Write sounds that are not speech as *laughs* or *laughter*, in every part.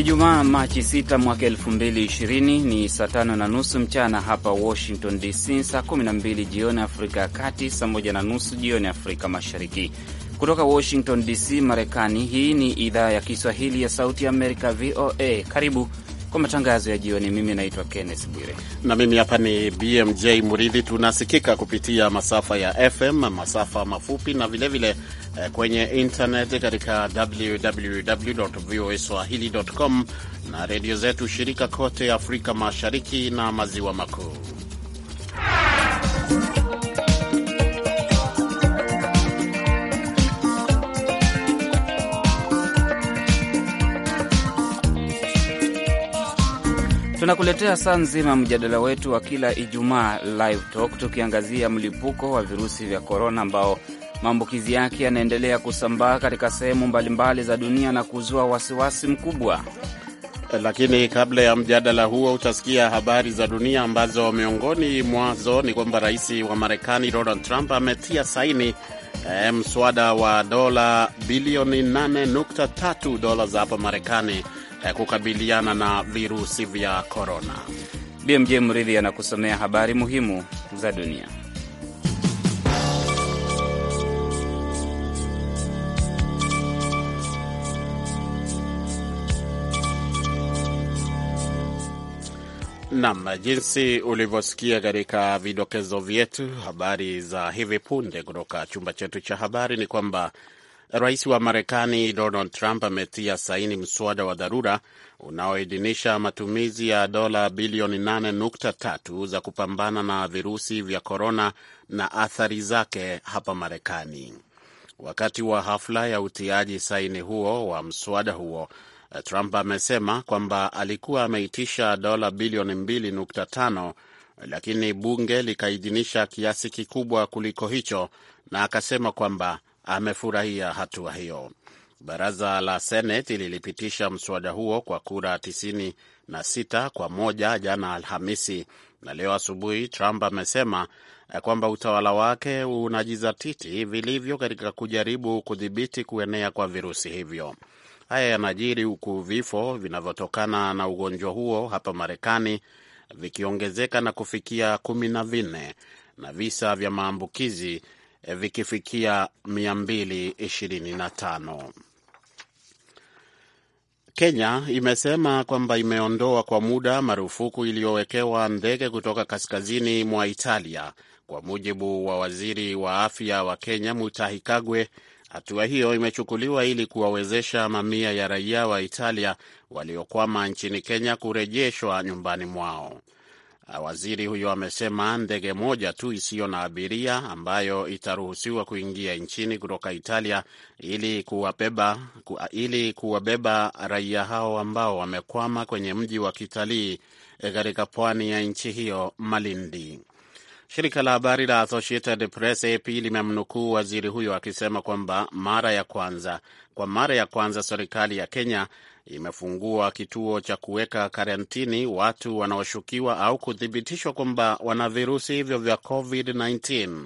Ijumaa Machi 6 mwaka 2020 ni saa tano na nusu mchana hapa Washington DC, saa 12 jioni Afrika ya Kati, saa moja na nusu jioni Afrika Mashariki. Kutoka Washington DC, Marekani, hii ni idhaa ya Kiswahili ya Sauti ya Amerika, VOA. Karibu kwa matangazo ya jioni. Mimi naitwa Kenneth Bwire na mimi hapa ni BMJ Muridhi. Tunasikika kupitia masafa ya FM, masafa mafupi na vilevile vile, eh, kwenye internet katika swahilicom na redio zetu shirika kote Afrika Mashariki na Maziwa Makuu. Tunakuletea saa nzima mjadala wetu wa kila Ijumaa, Live Talk, tukiangazia mlipuko wa virusi vya korona ambao maambukizi yake yanaendelea kusambaa katika sehemu mbalimbali za dunia na kuzua wasiwasi mkubwa. Lakini kabla ya mjadala huo, utasikia habari za dunia ambazo miongoni mwazo ni kwamba rais wa Marekani Donald Trump ametia saini eh, mswada wa dola bilioni 8.3 dola za hapa Marekani Eh, kukabiliana na virusi vya korona. BMJ Mridhi anakusomea habari muhimu za dunia. Nam, jinsi ulivyosikia katika vidokezo vyetu, habari za hivi punde kutoka chumba chetu cha habari ni kwamba Rais wa Marekani Donald Trump ametia saini mswada wa dharura unaoidhinisha matumizi ya dola bilioni 8.3 za kupambana na virusi vya korona na athari zake hapa Marekani. Wakati wa hafla ya utiaji saini huo wa mswada huo, Trump amesema kwamba alikuwa ameitisha dola bilioni 2.5 lakini bunge likaidhinisha kiasi kikubwa kuliko hicho, na akasema kwamba amefurahia hatua hiyo. Baraza la Seneti lilipitisha mswada huo kwa kura 96 kwa moja jana Alhamisi, na leo asubuhi Trump amesema kwamba utawala wake unajizatiti vilivyo katika kujaribu kudhibiti kuenea kwa virusi hivyo. Haya yanajiri huku vifo vinavyotokana na ugonjwa huo hapa Marekani vikiongezeka na kufikia kumi na vinne na visa vya maambukizi Eh, vikifikia 225. Kenya imesema kwamba imeondoa kwa muda marufuku iliyowekewa ndege kutoka kaskazini mwa Italia, kwa mujibu wa waziri wa afya wa Kenya Mutahi Kagwe. Hatua hiyo imechukuliwa ili kuwawezesha mamia ya raia wa Italia waliokwama nchini Kenya kurejeshwa nyumbani mwao. Waziri huyo amesema ndege moja tu isiyo na abiria ambayo itaruhusiwa kuingia nchini kutoka Italia ili kuwabeba ku, ili kuwabeba raia hao ambao wamekwama kwenye mji wa kitalii eh, katika pwani ya nchi hiyo Malindi. Shirika la habari la Associated Press AP limemnukuu waziri huyo akisema kwamba mara ya kwanza kwa mara ya kwanza serikali ya Kenya imefungua kituo cha kuweka karantini watu wanaoshukiwa au kuthibitishwa kwamba wana virusi hivyo vya COVID-19.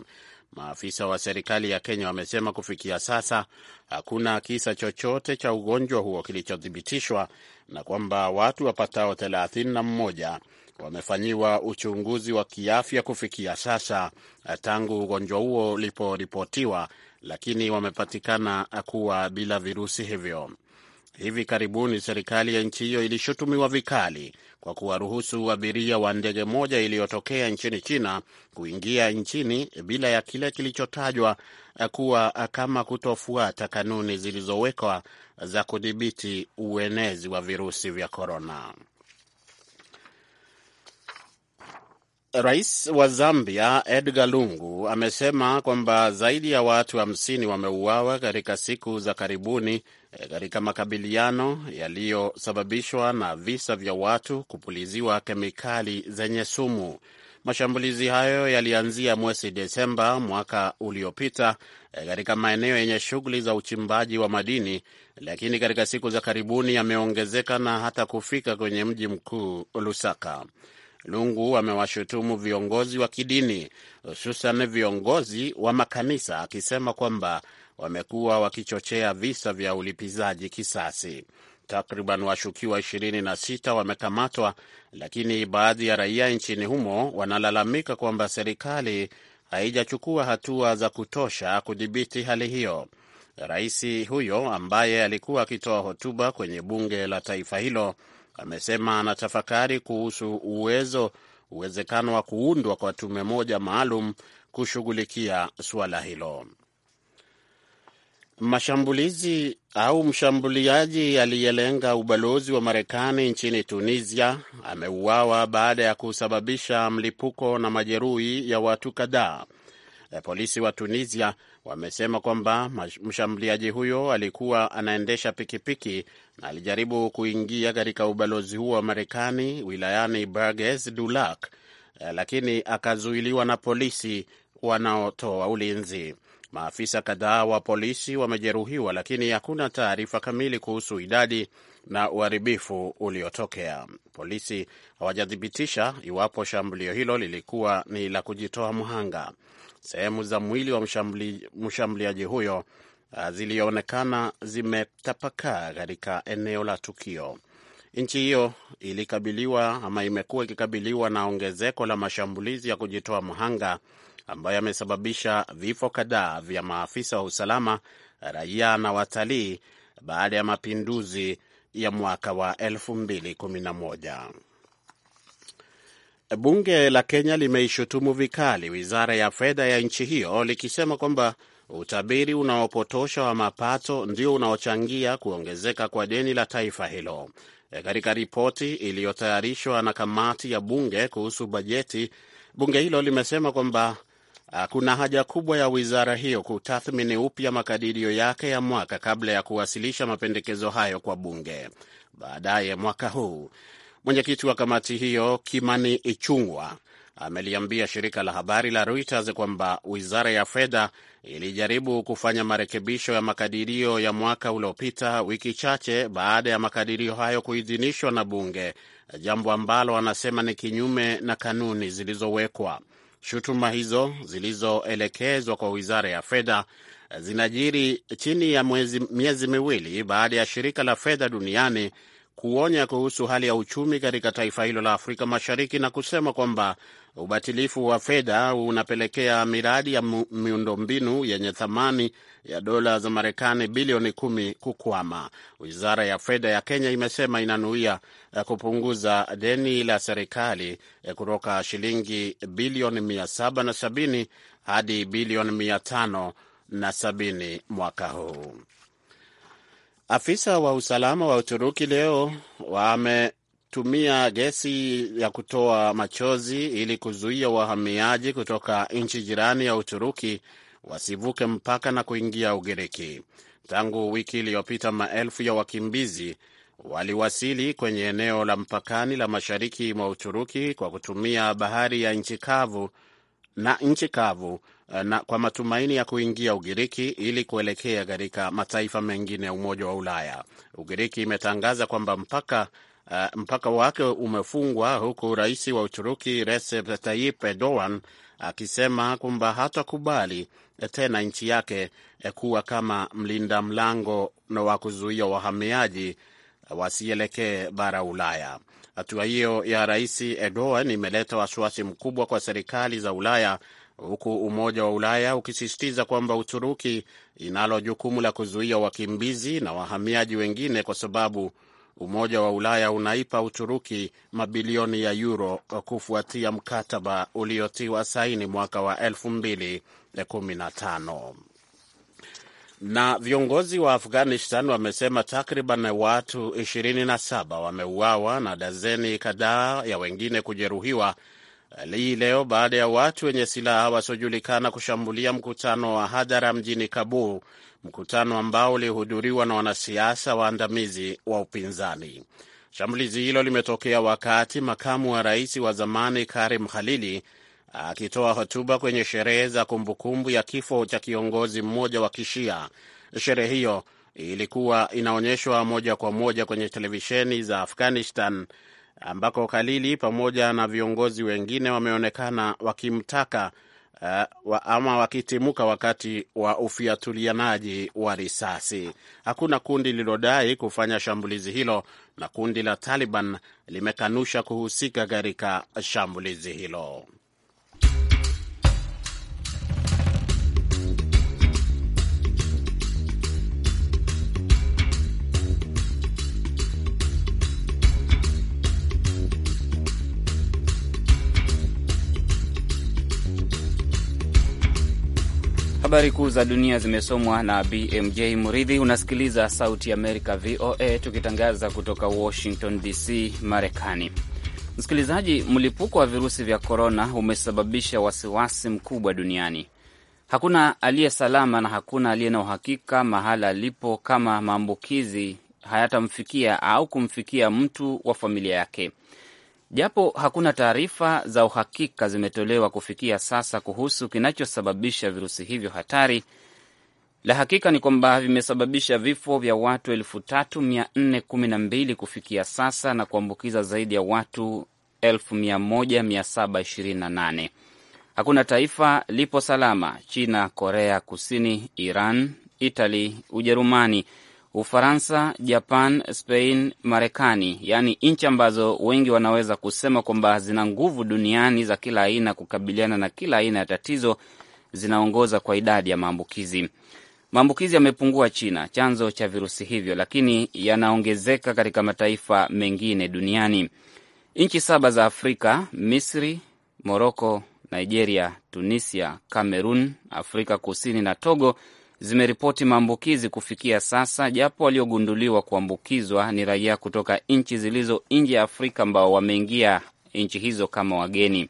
Maafisa wa serikali ya Kenya wamesema kufikia sasa hakuna kisa chochote cha ugonjwa huo kilichothibitishwa na kwamba watu wapatao 31 wamefanyiwa uchunguzi wa kiafya kufikia sasa eh, tangu ugonjwa huo uliporipotiwa, lakini wamepatikana eh, kuwa bila virusi hivyo. Hivi karibuni serikali ya nchi hiyo ilishutumiwa vikali kwa kuwaruhusu abiria wa ndege moja iliyotokea nchini China kuingia nchini bila ya kile kilichotajwa eh, kuwa kama kutofuata kanuni zilizowekwa za kudhibiti uenezi wa virusi vya korona. Rais wa Zambia Edgar Lungu amesema kwamba zaidi ya watu hamsini wa wameuawa katika siku za karibuni eh, katika makabiliano yaliyosababishwa na visa vya watu kupuliziwa kemikali zenye sumu. Mashambulizi hayo yalianzia mwezi Desemba mwaka uliopita eh, katika maeneo yenye shughuli za uchimbaji wa madini, lakini katika siku za karibuni yameongezeka na hata kufika kwenye mji mkuu Lusaka. Lungu amewashutumu viongozi wa kidini, hususan viongozi wa makanisa, akisema kwamba wamekuwa wakichochea visa vya ulipizaji kisasi. Takriban washukiwa 26 wamekamatwa, lakini baadhi ya raia nchini humo wanalalamika kwamba serikali haijachukua hatua za kutosha kudhibiti hali hiyo. Rais huyo ambaye alikuwa akitoa hotuba kwenye bunge la taifa hilo amesema anatafakari kuhusu uwezo uwezekano wa kuundwa kwa tume moja maalum kushughulikia suala hilo. Mashambulizi au mshambuliaji aliyelenga ubalozi wa Marekani nchini Tunisia ameuawa baada ya kusababisha mlipuko na majeruhi ya watu kadhaa. Eh, polisi wa Tunisia wamesema kwamba mshambuliaji huyo alikuwa anaendesha pikipiki na alijaribu kuingia katika ubalozi huo wa Marekani wilayani Burges Dulac, eh, lakini akazuiliwa na polisi wanaotoa ulinzi. Maafisa kadhaa wa polisi wamejeruhiwa, lakini hakuna taarifa kamili kuhusu idadi na uharibifu uliotokea. Polisi hawajathibitisha iwapo shambulio hilo lilikuwa ni la kujitoa mhanga. Sehemu za mwili wa mshambuliaji mshambuli huyo ah, zilionekana zimetapakaa katika eneo la tukio. Nchi hiyo ilikabiliwa ama imekuwa ikikabiliwa na ongezeko la mashambulizi ya kujitoa mhanga ambayo yamesababisha vifo kadhaa vya maafisa wa usalama, raia na watalii baada ya mapinduzi ya mwaka wa 2011. Bunge la Kenya limeishutumu vikali wizara ya fedha ya nchi hiyo likisema kwamba utabiri unaopotosha wa mapato ndio unaochangia kuongezeka kwa deni la taifa hilo. E, katika ripoti iliyotayarishwa na kamati ya bunge kuhusu bajeti, bunge hilo limesema kwamba kuna haja kubwa ya wizara hiyo kutathmini upya makadirio yake ya mwaka kabla ya kuwasilisha mapendekezo hayo kwa bunge baadaye mwaka huu. Mwenyekiti wa kamati hiyo Kimani Ichung'wa ameliambia shirika la habari la Reuters kwamba wizara ya fedha ilijaribu kufanya marekebisho ya makadirio ya mwaka uliopita wiki chache baada ya makadirio hayo kuidhinishwa na bunge, jambo ambalo anasema ni kinyume na kanuni zilizowekwa. Shutuma hizo zilizoelekezwa kwa wizara ya fedha zinajiri chini ya mwezi, miezi miwili baada ya shirika la fedha duniani kuonya kuhusu hali ya uchumi katika taifa hilo la Afrika Mashariki na kusema kwamba ubatilifu wa fedha unapelekea miradi ya miundombinu yenye thamani ya dola za Marekani bilioni kumi kukwama. Wizara ya fedha ya Kenya imesema inanuia eh, kupunguza deni la serikali eh, kutoka shilingi bilioni na sabini hadi bilioni mia tano na sabini mwaka huu. Afisa wa usalama wa Uturuki leo wametumia gesi ya kutoa machozi ili kuzuia wahamiaji kutoka nchi jirani ya Uturuki wasivuke mpaka na kuingia Ugiriki. Tangu wiki iliyopita, maelfu ya wakimbizi waliwasili kwenye eneo la mpakani la mashariki mwa Uturuki kwa kutumia bahari ya nchi kavu na nchi kavu Eh, na kwa matumaini ya kuingia Ugiriki ili kuelekea katika mataifa mengine ya Umoja wa Ulaya. Ugiriki imetangaza kwamba mpaka Uh, mpaka wake umefungwa huku rais wa Uturuki Recep Tayyip Erdogan akisema kwamba hatakubali eh, tena nchi yake kuwa kama mlinda mlango na wa kuzuia wahamiaji wasielekee bara Ulaya. Hatua hiyo ya rais Erdogan imeleta wasiwasi mkubwa kwa serikali za Ulaya huku Umoja wa Ulaya ukisisitiza kwamba Uturuki inalo jukumu la kuzuia wakimbizi na wahamiaji wengine kwa sababu Umoja wa Ulaya unaipa Uturuki mabilioni ya yuro kufuatia mkataba uliotiwa saini mwaka wa 2015. Na viongozi wa Afghanistan wamesema takriban watu 27 wameuawa na dazeni kadhaa ya wengine kujeruhiwa hii leo baada ya watu wenye silaha wasiojulikana kushambulia mkutano wa hadhara mjini Kabul, mkutano ambao ulihudhuriwa na wanasiasa waandamizi wa upinzani. Shambulizi hilo limetokea wakati makamu wa rais wa zamani Karim Khalili akitoa hotuba kwenye sherehe za kumbukumbu ya kifo cha kiongozi mmoja wa Kishia. Sherehe hiyo ilikuwa inaonyeshwa moja kwa moja kwenye televisheni za Afghanistan ambako Khalili pamoja na viongozi wengine wameonekana wakimtaka uh, ama wakitimuka wakati wa ufiatulianaji wa risasi. Hakuna kundi lililodai kufanya shambulizi hilo na kundi la Taliban limekanusha kuhusika katika shambulizi hilo. Habari kuu za dunia zimesomwa na BMJ Muridhi. Unasikiliza Sauti Amerika, VOA, tukitangaza kutoka Washington DC, Marekani. Msikilizaji, mlipuko wa virusi vya korona umesababisha wasiwasi mkubwa duniani. Hakuna aliye salama na hakuna aliye na uhakika mahala alipo, kama maambukizi hayatamfikia au kumfikia mtu wa familia yake japo hakuna taarifa za uhakika zimetolewa kufikia sasa kuhusu kinachosababisha virusi hivyo hatari. La hakika ni kwamba vimesababisha vifo vya watu 3412 kufikia sasa na kuambukiza zaidi ya watu 1728. Hakuna taifa lipo salama. China, Korea Kusini, Iran, Itali, Ujerumani Ufaransa, Japan, Spain, Marekani, yaani nchi ambazo wengi wanaweza kusema kwamba zina nguvu duniani za kila aina kukabiliana na kila aina ya tatizo, zinaongoza kwa idadi ya maambukizi. Maambukizi yamepungua China, chanzo cha virusi hivyo, lakini yanaongezeka katika mataifa mengine duniani. Nchi saba za Afrika: Misri, Moroko, Nigeria, Tunisia, Kamerun, Afrika Kusini na Togo zimeripoti maambukizi kufikia sasa, japo waliogunduliwa kuambukizwa ni raia kutoka nchi zilizo nje ya Afrika ambao wameingia nchi hizo kama wageni.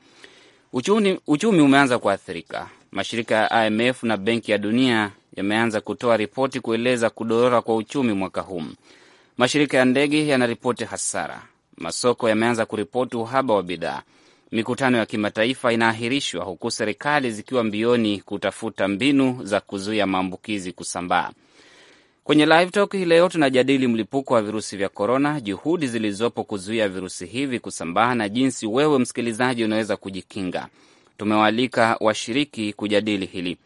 Uchumi, uchumi umeanza kuathirika. Mashirika ya IMF na Benki ya Dunia yameanza kutoa ripoti kueleza kudorora kwa uchumi mwaka huu. Mashirika ya ndege yanaripoti hasara, masoko yameanza kuripoti uhaba wa bidhaa mikutano ya kimataifa inaahirishwa huku serikali zikiwa mbioni kutafuta mbinu za kuzuia maambukizi kusambaa. Kwenye Live Talk hii leo tunajadili mlipuko wa virusi vya korona, juhudi zilizopo kuzuia virusi hivi kusambaa na jinsi wewe msikilizaji unaweza kujikinga. Tumewaalika washiriki kujadili hili.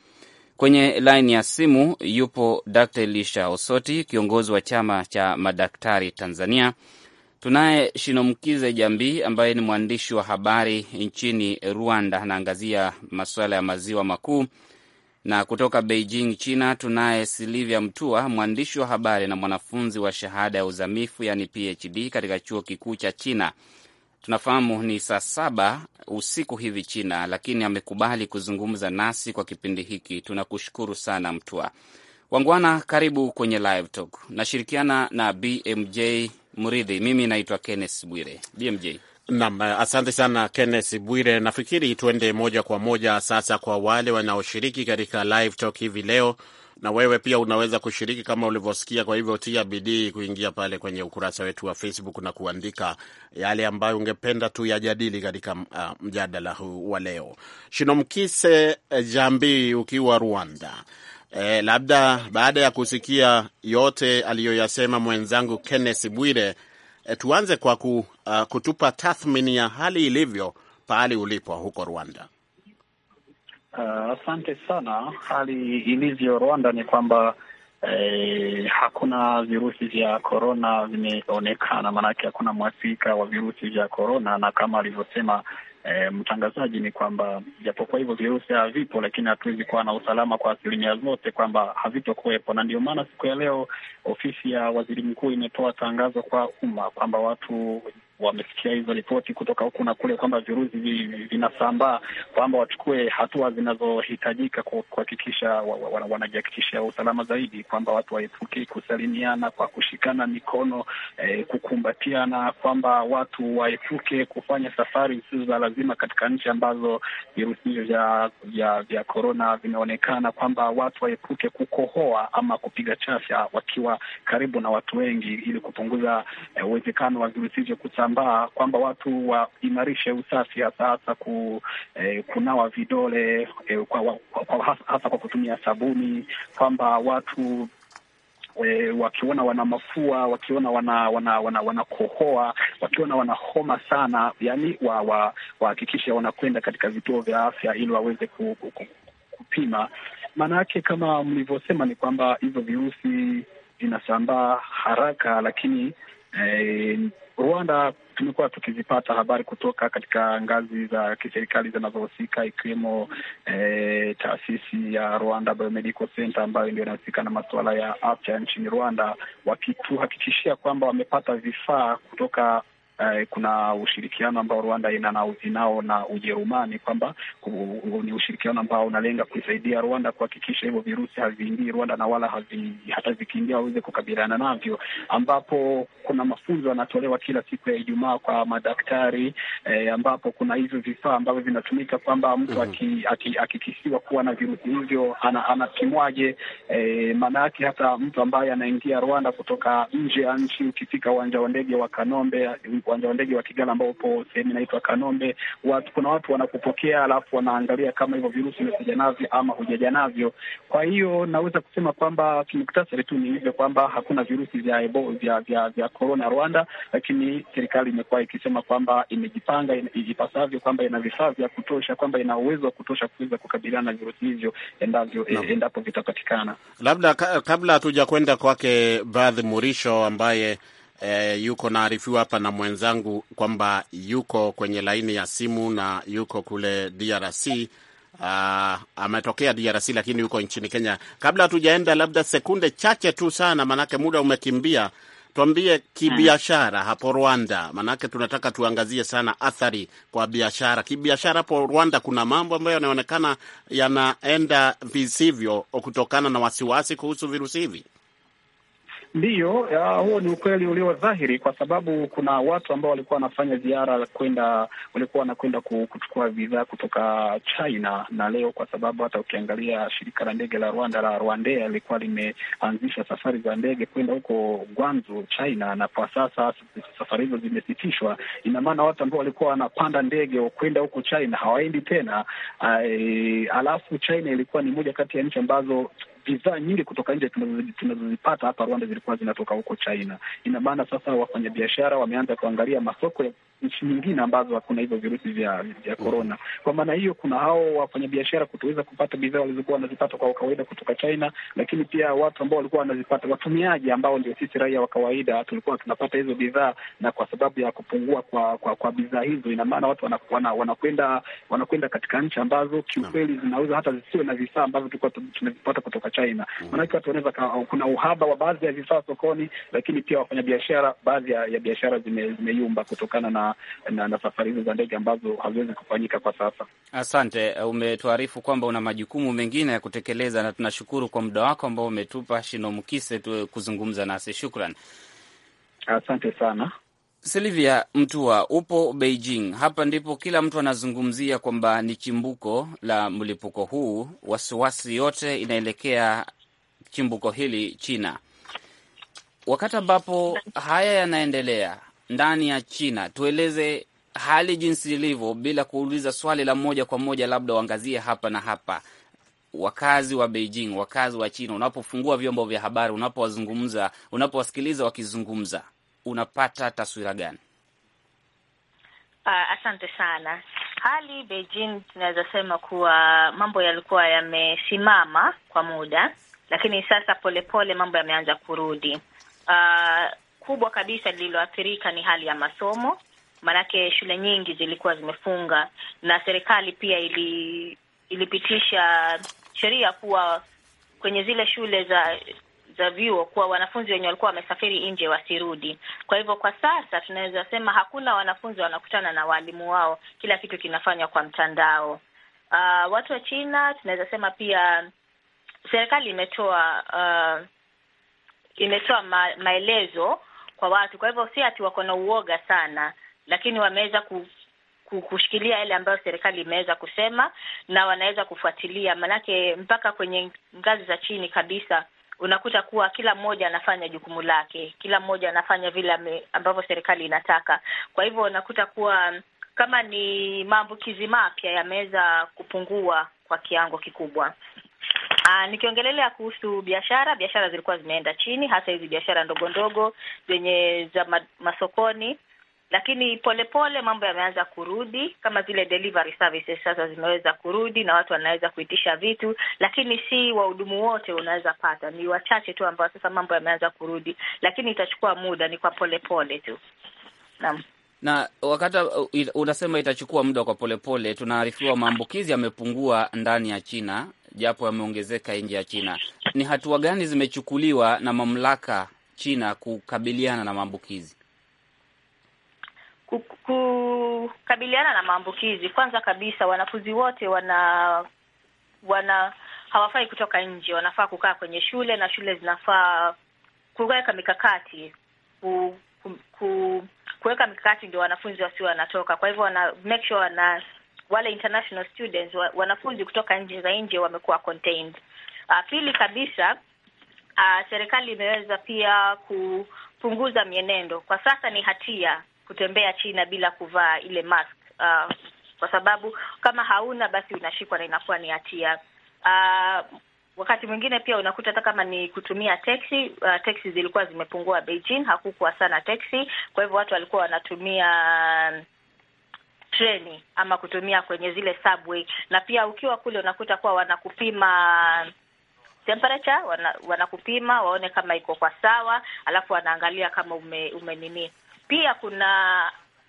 Kwenye laini ya simu yupo d Elisha Osoti, kiongozi wa chama cha madaktari Tanzania. Tunaye Shinomkize Jambi ambaye ni mwandishi wa habari nchini Rwanda, anaangazia masuala ya maziwa makuu, na kutoka Beijing, China, tunaye Silivia Mtua, mwandishi wa habari na mwanafunzi wa shahada ya uzamifu, yani PhD katika chuo kikuu cha China. Tunafahamu ni saa saba usiku hivi China, lakini amekubali kuzungumza nasi kwa kipindi hiki. Tunakushukuru sana Mtua. Wangwana, karibu kwenye Live Talk. Nashirikiana na BMJ Mridhi. Mimi naitwa Kenneth Bwire, BMJ. Naam, asante sana Kenneth Bwire. Nafikiri tuende moja kwa moja sasa kwa wale wanaoshiriki katika live talk hivi leo, na wewe pia unaweza kushiriki kama ulivyosikia. Kwa hivyo tia bidii kuingia pale kwenye ukurasa wetu wa Facebook na kuandika yale ambayo ungependa tuyajadili katika uh, mjadala huu wa leo. Shinomkise eh, Jambi, ukiwa Rwanda E, labda baada ya kusikia yote aliyoyasema mwenzangu Kenneth Bwire, e, tuanze kwa ku, uh, kutupa tathmini ya hali ilivyo pahali ulipo huko Rwanda. Ah, asante uh, sana. Hali ilivyo Rwanda ni kwamba eh, hakuna virusi vya korona vimeonekana, maanake hakuna mwathirika wa virusi vya korona, na kama alivyosema e, mtangazaji ni kwamba japokuwa hivyo virusi havipo, lakini hatuwezi kuwa na usalama kwa asilimia zote kwamba havitokuwepo, na ndio maana siku ya leo ofisi ya waziri mkuu imetoa tangazo kwa umma kwamba watu wamesikia hizo ripoti kutoka huku na kule kwamba virusi vinasambaa, kwamba wachukue hatua zinazohitajika kuhakikisha wanajihakikishia usalama zaidi, kwamba watu waepuke kusalimiana kwa kushikana mikono, eh, kukumbatiana, kwamba watu waepuke kufanya safari zisizo za lazima katika nchi ambazo virusi hivyo vya korona vimeonekana, kwamba watu waepuke kukohoa ama kupiga chafya wakiwa karibu na watu wengi, ili kupunguza eh, uwezekano eh, wa virusi hivyo kusa zinasambaa kwamba watu waimarishe usafi, hasa hasa ku, eh, kunawa vidole eh, kwa, kwa, hasa, hasa kwa kutumia sabuni, kwamba watu E, wakiona wana mafua, wakiona wana wana wana wanakohoa, wakiona wana homa sana, yani wahakikishe wa, wanakwenda katika vituo vya afya ili waweze ku, ku, ku, kupima. Maana yake kama mlivyosema ni kwamba hivyo virusi vinasambaa haraka, lakini e, Rwanda tumekuwa tukizipata habari kutoka katika ngazi za kiserikali zinazohusika ikiwemo e, taasisi ya Rwanda Biomedical Center ambayo ndio inahusika na masuala ya afya nchini Rwanda, wakituhakikishia kwamba wamepata vifaa kutoka eh, kuna ushirikiano ambao Rwanda ina inao na Ujerumani, kwamba ni ushirikiano ambao unalenga kuisaidia Rwanda kuhakikisha hivyo virusi haviingii Rwanda na wala havi, hata vikiingia waweze kukabiliana navyo, ambapo kuna mafunzo yanatolewa kila siku ya Ijumaa kwa madaktari eh, ambapo kuna hivyo vifaa ambavyo vinatumika kwamba mtu akikisiwa mhm. aki, aki kuwa na virusi hivyo anapimwaje? ana eh, yake hata mtu ambaye anaingia Rwanda kutoka nje ya nchi, ukifika uwanja wa ndege wa Kanombe uwanja wa ndege wa Kigali ambao upo sehemu inaitwa Kanombe. Watu, kuna watu wanakupokea alafu wanaangalia kama hivyo virusi umekuja navyo ama hujaja navyo. Kwa hiyo naweza kusema kwamba kimuktasari tu ni hivyo kwamba hakuna virusi vya ebo vya vya vya korona Rwanda, lakini serikali imekuwa ikisema kwamba imejipanga ipasavyo, kwamba ina vifaa vya kutosha, kwamba ina uwezo wa kutosha kuweza kukabiliana na virusi hivyo endavyo e, no. endapo vitapatikana. Labda kabla hatuja kwenda kwake Badhi Murisho ambaye e, yuko naarifiwa hapa na mwenzangu kwamba yuko kwenye laini ya simu na yuko kule DRC. Uh, ah, ametokea DRC lakini yuko nchini Kenya. Kabla hatujaenda, labda sekunde chache tu sana, manake muda umekimbia. Tuambie kibiashara hapo Rwanda, manake tunataka tuangazie sana athari kwa biashara. Kibiashara hapo Rwanda kuna mambo ambayo yanaonekana yanaenda visivyo kutokana na wasiwasi kuhusu virusi hivi. Ndiyo, huo ni ukweli ulio dhahiri, kwa sababu kuna watu ambao walikuwa wanafanya ziara kwenda, walikuwa wanakwenda kuchukua bidhaa kutoka China na leo, kwa sababu hata ukiangalia shirika la ndege la Rwanda la Rwandea lilikuwa limeanzisha safari za ndege kwenda huko gwanzu China, na kwa sasa safari hizo zimesitishwa. Ina maana watu ambao walikuwa wanapanda ndege kwenda huko China hawaendi tena. Ay, alafu China ilikuwa ni moja kati ya nchi ambazo bidhaa nyingi kutoka nje tunazozipata hapa Rwanda zilikuwa zinatoka huko China. Ina maana sasa wafanyabiashara wameanza kuangalia masoko ya nchi nyingine ambazo hakuna hivyo virusi vya vya korona. Kwa maana hiyo, kuna hao wafanyabiashara kutoweza kupata bidhaa walizokuwa wanazipata kwa kawaida kutoka China, lakini pia watu ambao walikuwa wanazipata, watumiaji ambao ndio sisi raia wa kawaida tulikuwa tunapata hizo bidhaa, na kwa sababu ya kupungua kwa kwa, kwa bidhaa hizo, ina maana watu wanakwenda wana wanakwenda katika nchi ambazo kiukweli zinauza hata zisiwe na vifaa ambavyo tulikuwa tunazipata kutoka China. Mm. Maanake watu wanaweza, kuna uhaba wa baadhi ya vifaa sokoni, lakini pia wafanyabiashara, baadhi ya biashara zimeyumba zime kutokana na na, na, safari hizo za ndege ambazo haziwezi kufanyika kwa sasa. Asante, umetuarifu kwamba una majukumu mengine ya kutekeleza, na tunashukuru kwa muda wako ambao umetupa Shino Mkise tu kuzungumza nasi, shukran. Asante sana. Silvia Mtua, upo Beijing. Hapa ndipo kila mtu anazungumzia kwamba ni chimbuko la mlipuko huu. Wasiwasi yote inaelekea chimbuko hili China, wakati ambapo haya yanaendelea ndani ya China, tueleze hali jinsi ilivyo, bila kuuliza swali la moja kwa moja, labda uangazie hapa na hapa wakazi wa Beijing, wakazi wa China, unapofungua vyombo vya habari, unapowazungumza, unapowasikiliza wakizungumza, unapata taswira gani? Uh, asante sana. Hali Beijing tunaweza sema kuwa mambo yalikuwa yamesimama kwa muda, lakini sasa polepole pole mambo yameanza kurudi. Uh, kubwa kabisa lililoathirika ni hali ya masomo, maanake shule nyingi zilikuwa zimefunga, na serikali pia ili, ilipitisha sheria kuwa kwenye zile shule za za vyuo kuwa wanafunzi wenye walikuwa wamesafiri nje wasirudi. Kwa hivyo kwa sasa tunaweza sema hakuna wanafunzi wanakutana na walimu wao, kila kitu kinafanywa kwa mtandao. Uh, watu wa China tunaweza sema pia serikali imetoa uh, imetoa ma, maelezo kwa watu. Kwa hivyo si ati wako na uoga sana, lakini wameweza ku, kushikilia yale ambayo serikali imeweza kusema na wanaweza kufuatilia, manake mpaka kwenye ngazi za chini kabisa unakuta kuwa kila mmoja anafanya jukumu lake, kila mmoja anafanya vile ambavyo serikali inataka. Kwa hivyo unakuta kuwa kama ni maambukizi mapya yameweza kupungua kwa kiwango kikubwa. Ah, nikiongelelea kuhusu biashara, biashara zilikuwa zimeenda chini, hasa hizi biashara ndogo ndogo zenye za ma, masokoni, lakini polepole mambo yameanza kurudi, kama zile delivery services sasa zimeweza kurudi na watu wanaweza kuitisha vitu, lakini si wahudumu wote unaweza pata, ni wachache tu ambao sasa mambo yameanza kurudi, lakini itachukua muda, ni kwa polepole tu. Naam na wakati uh, unasema itachukua muda kwa polepole, tunaarifiwa maambukizi yamepungua ndani ya China japo yameongezeka nje ya China. Ni hatua gani zimechukuliwa na mamlaka China kukabiliana na maambukizi? Kukabiliana na maambukizi, kwanza kabisa, wanafunzi wote wana wana hawafai kutoka nje, wanafaa kukaa kwenye shule na shule zinafaa kuweka mikakati ku, ku, ku, kuweka mikakati ndio wanafunzi wasiwe wanatoka. Kwa hivyo wana make sure wana wale international students wa, wanafunzi kutoka nje za nje wamekuwa contained. Uh, pili kabisa uh, serikali imeweza pia kupunguza mienendo. Kwa sasa ni hatia kutembea China bila kuvaa ile mask uh, kwa sababu kama hauna basi unashikwa na inakuwa ni hatia uh, wakati mwingine pia unakuta hata kama ni kutumia teksi uh, teksi zilikuwa zimepungua Beijing, hakukuwa sana teksi, kwa hivyo watu walikuwa wanatumia treni ama kutumia kwenye zile subway, na pia ukiwa kule unakuta kuwa wanakupima temperature wana, wanakupima waone kama iko kwa sawa, alafu wanaangalia kama ume, ume nini. Pia kuna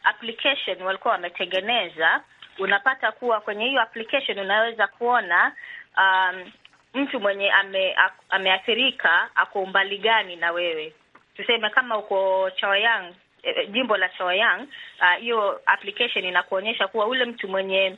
application walikuwa wametengeneza, unapata kuwa kwenye hiyo application unaweza kuona um, mtu mwenye ame, ameathirika ako umbali gani na wewe. Tuseme kama uko Chawayang Eh, eh, jimbo la Soyang, ah, hiyo uh, application inakuonyesha kuwa ule mtu mwenye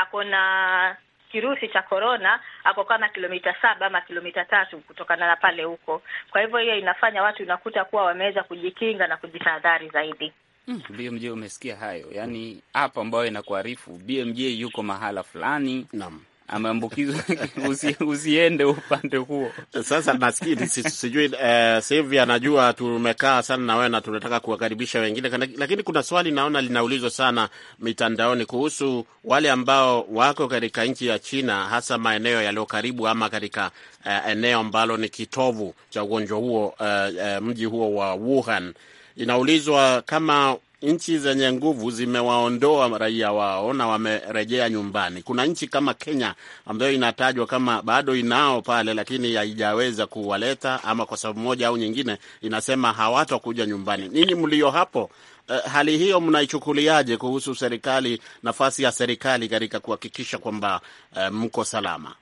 ako na kirusi cha korona ako kama kilomita saba ama kilomita tatu kutokana na pale huko. Kwa hivyo hiyo inafanya watu unakuta kuwa wameweza kujikinga na kujitahadhari zaidi. Mm, BMJ umesikia hayo, yaani hapa ambayo inakuarifu BMJ yuko mahala fulani. Naam ameambukizwa *laughs* usi, usiende upande huo. Sasa nafikiri sijui eh, Silvia anajua tumekaa sana na wewe na tunataka kuwakaribisha wengine, lakini kuna swali naona linaulizwa sana mitandaoni kuhusu wale ambao wako katika nchi ya China, hasa maeneo yaliyo karibu ama katika eh, eneo ambalo ni kitovu cha ugonjwa huo eh, eh, mji huo wa Wuhan. Inaulizwa kama nchi zenye nguvu zimewaondoa raia wao na wamerejea nyumbani. Kuna nchi kama Kenya ambayo inatajwa kama bado inao pale, lakini haijaweza kuwaleta ama kwa sababu moja au nyingine inasema hawatakuja nyumbani. Ninyi mlio hapo, uh, hali hiyo mnaichukuliaje kuhusu serikali, nafasi ya serikali katika kuhakikisha kwamba uh, mko salama?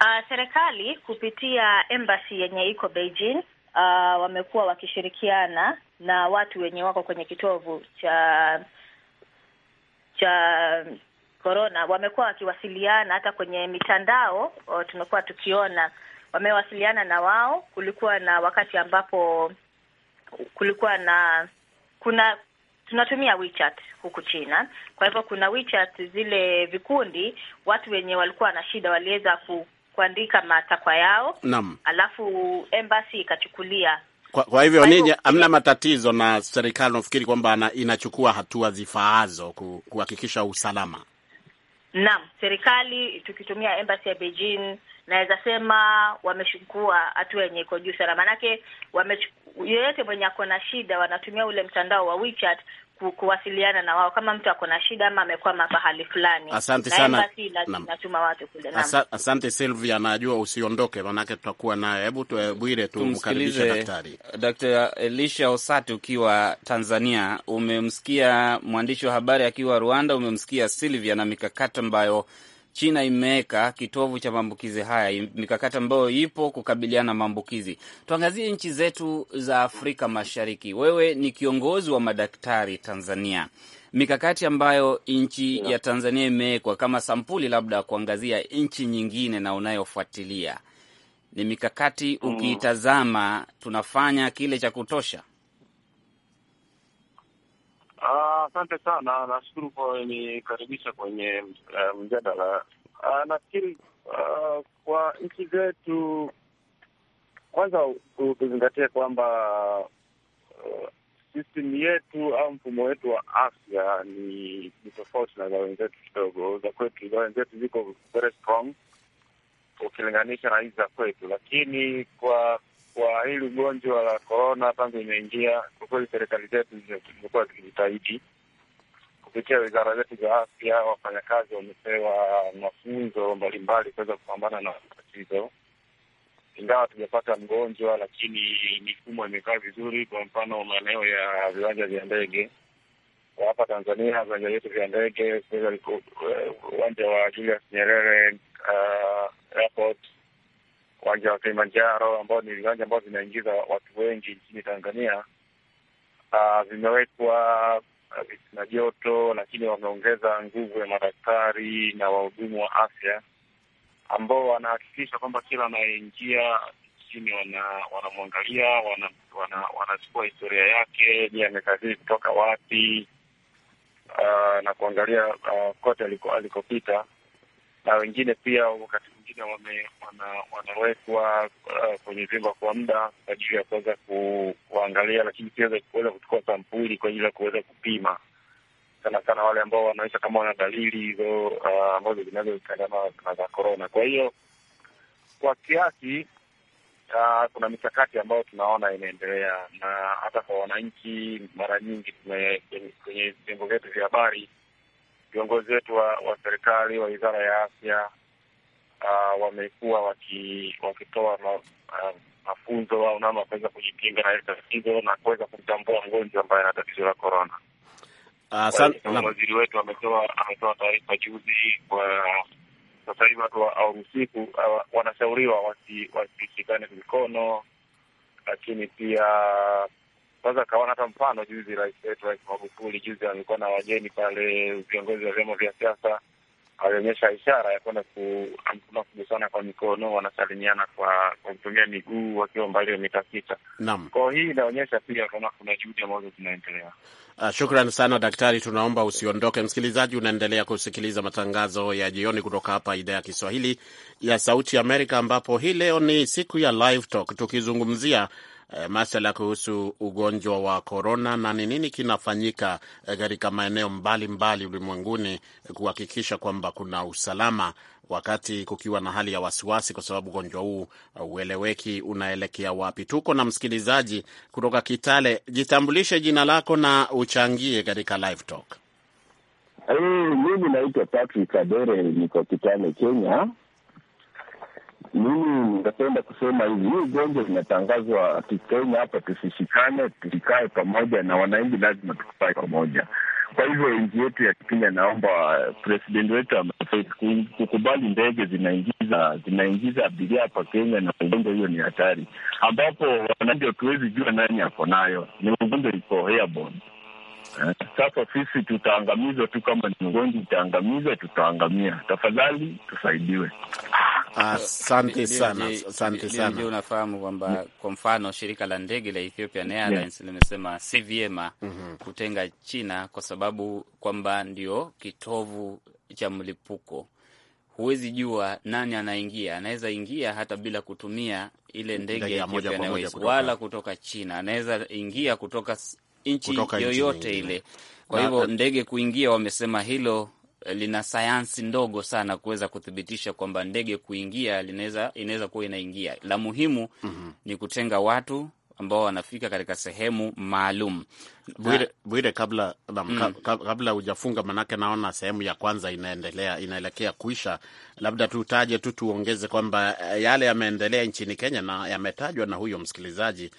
Uh, serikali kupitia embassy yenye iko Beijing uh, wamekuwa wakishirikiana na watu wenye wako kwenye kitovu cha cha korona, wamekuwa wakiwasiliana hata kwenye mitandao. Tumekuwa tukiona wamewasiliana na wao. Kulikuwa na wakati ambapo kulikuwa na kuna tunatumia WeChat huku China, kwa hivyo kuna WeChat, zile vikundi, watu wenye walikuwa na shida waliweza kuandika matakwa yao. Nam. Alafu embassy ikachukulia. Kwa, kwa hivyo ninyi hamna matatizo na serikali, nafikiri kwamba inachukua hatua zifaazo kuhakikisha usalama. Naam, serikali tukitumia embassy ya Beijing naweza sema wameshukua hatua yenye iko juu sana, maanake yeyote mwenye ako na shida wanatumia ule mtandao wa WeChat kuwasiliana na wao kama mtu ako na shida ama amekwama pahali fulani. Asante sana, natuma watu kule. Asante Silvia, najua usiondoke, manake tutakuwa naye. Hebu Bwire, tumkaribishe daktari Dr. Elisha Osati. Ukiwa Tanzania umemsikia mwandishi wa habari akiwa Rwanda, umemsikia Silvia na mikakati ambayo China imeweka kitovu cha maambukizi haya, mikakati ambayo ipo kukabiliana na maambukizi. Tuangazie nchi zetu za Afrika Mashariki. Wewe ni kiongozi wa madaktari Tanzania, mikakati ambayo nchi ya Tanzania imewekwa kama sampuli labda kuangazia nchi nyingine na unayofuatilia, ni mikakati mm. ukiitazama, tunafanya kile cha kutosha? Asante sana, nashukuru kwa kunikaribisha kwenye eh, mjadala. Uh, nafikiri uh, kwa nchi zetu, kwanza tuzingatie kwamba uh, system yetu au mfumo wetu wa afya ni, ni tofauti na za wenzetu kidogo. Za kwetu za wenzetu ziko very strong ukilinganisha na hizi za kwetu, lakini kwa kwa hili ugonjwa la korona tangu imeingia, kwa kweli serikali zetu zimekuwa zikijitahidi kupitia wizara zetu za afya, wafanyakazi wamepewa mafunzo mbalimbali kuweza kupambana na tatizo. Ingawa tujapata mgonjwa, lakini mifumo imekaa vizuri. Kwa mfano, maeneo ya viwanja vya ndege kwa hapa Tanzania, viwanja vyetu vya ndege, eh, uwanja wa Julius Nyerere uh, airport, uwanja wa Kilimanjaro ambao ni viwanja ambao vinaingiza watu wengi nchini Tanzania, ah, vimewekwa uh, Uh, na joto, lakini wameongeza nguvu ya madaktari na wahudumu wa afya ambao wanahakikisha kwamba kila anayeingia nchini wanamwangalia, wana wanachukua wana, wana historia yake, ni amekazii kutoka wapi, uh, na kuangalia uh, kote alikopita, na wengine pia wengine wame, wana, wanawekwa uh, kwenye vyumba kwa muda kwa ajili ya kuweza kuangalia, lakini pia kuweza kuchukua sampuli kwa ajili ya kuweza kupima sana sana wale ambao wanaonyesha kama wana dalili hizo uh, ambazo zinaweza zikaendana na za korona. Kwa hiyo kwa kiasi uh, kuna mikakati ambayo tunaona inaendelea, na hata kwa wananchi, mara nyingi kwenye vyombo vyetu vya habari, viongozi wetu wa, wa serikali wa wizara ya afya uh, wamekuwa wakitoa ah, mafunzo au namna kuweza kujikinga na hili tatizo na kuweza kumtambua mgonjwa ambaye ana tatizo la korona. Ah, waziri wetu ametoa ametoa taarifa juzi kwa sasa hivi watu usiku wanashauriwa wasishikane mikono, lakini pia kwanza kawana hata mfano juzi rais wetu Rais Magufuli juzi alikuwa na wageni pale, viongozi wa vyama vya siasa alionyesha ishara ya kwenda kuna kugusana kwa mikono, wanasalimiana kwa kutumia miguu wakiwa mbali ya mita sita. Naam, kwao hii inaonyesha pia kama kuna juhudi ambazo zinaendelea. Uh, shukran sana daktari, tunaomba usiondoke. Msikilizaji, unaendelea kusikiliza matangazo ya jioni kutoka hapa idhaa ya Kiswahili ya Sauti ya Amerika, ambapo hii leo ni siku ya Live Talk tukizungumzia e, masala kuhusu ugonjwa wa korona na ni nini kinafanyika eh, katika e, maeneo mbalimbali ulimwenguni eh, kuhakikisha kwamba kuna usalama wakati kukiwa na hali ya wasiwasi, kwa sababu ugonjwa huu ueleweki unaelekea wapi. Tuko na msikilizaji kutoka Kitale. Jitambulishe jina lako na uchangie katika live talk. mimi naitwa Patrick Adere, niko Kitale, Kenya mimi ningependa kusema hivi, hii ugonjwa inatangazwa Kikenya hapa, tusishikane, tusikae pamoja, na wananchi lazima tukae pamoja. Kwa hivyo nchi yetu ya Kenya, naomba president wetu kukubali ndege zinaingiza zinaingiza abiria hapa Kenya, na ugonjwa hiyo ni hatari, ambapo wananchi hatuwezi jua nani ako nayo. Ni ugonjwa iko airborne. Eh, sasa sisi tutaangamizwa tu, kama ni ugonjwa itaangamizwa, tutaangamia. Tafadhali tusaidiwe. Asante sana, asante sana. Unafahamu kwamba kwa mfano shirika la ndege la Ethiopian Airlines limesema si vyema mhm. kutenga China kwa sababu kwamba ndio kitovu cha mlipuko. Huwezi jua nani anaingia, anaweza ingia hata bila kutumia ile ndege ya moja kwa moja wala kutoka China, anaweza ingia kutoka nchi yoyote ile. Kwa hivyo ndege kuingia, wamesema hilo lina sayansi ndogo sana kuweza kuthibitisha kwamba ndege kuingia inaweza kuwa inaingia. La muhimu mm -hmm. ni kutenga watu ambao wanafika katika sehemu maalum. Bwire, Bwire, kabla mm. kabla hujafunga, manake naona sehemu ya kwanza inaendelea inaelekea kuisha, labda tutaje tu tuongeze kwamba eh, yale yameendelea nchini Kenya na yametajwa na huyo msikilizaji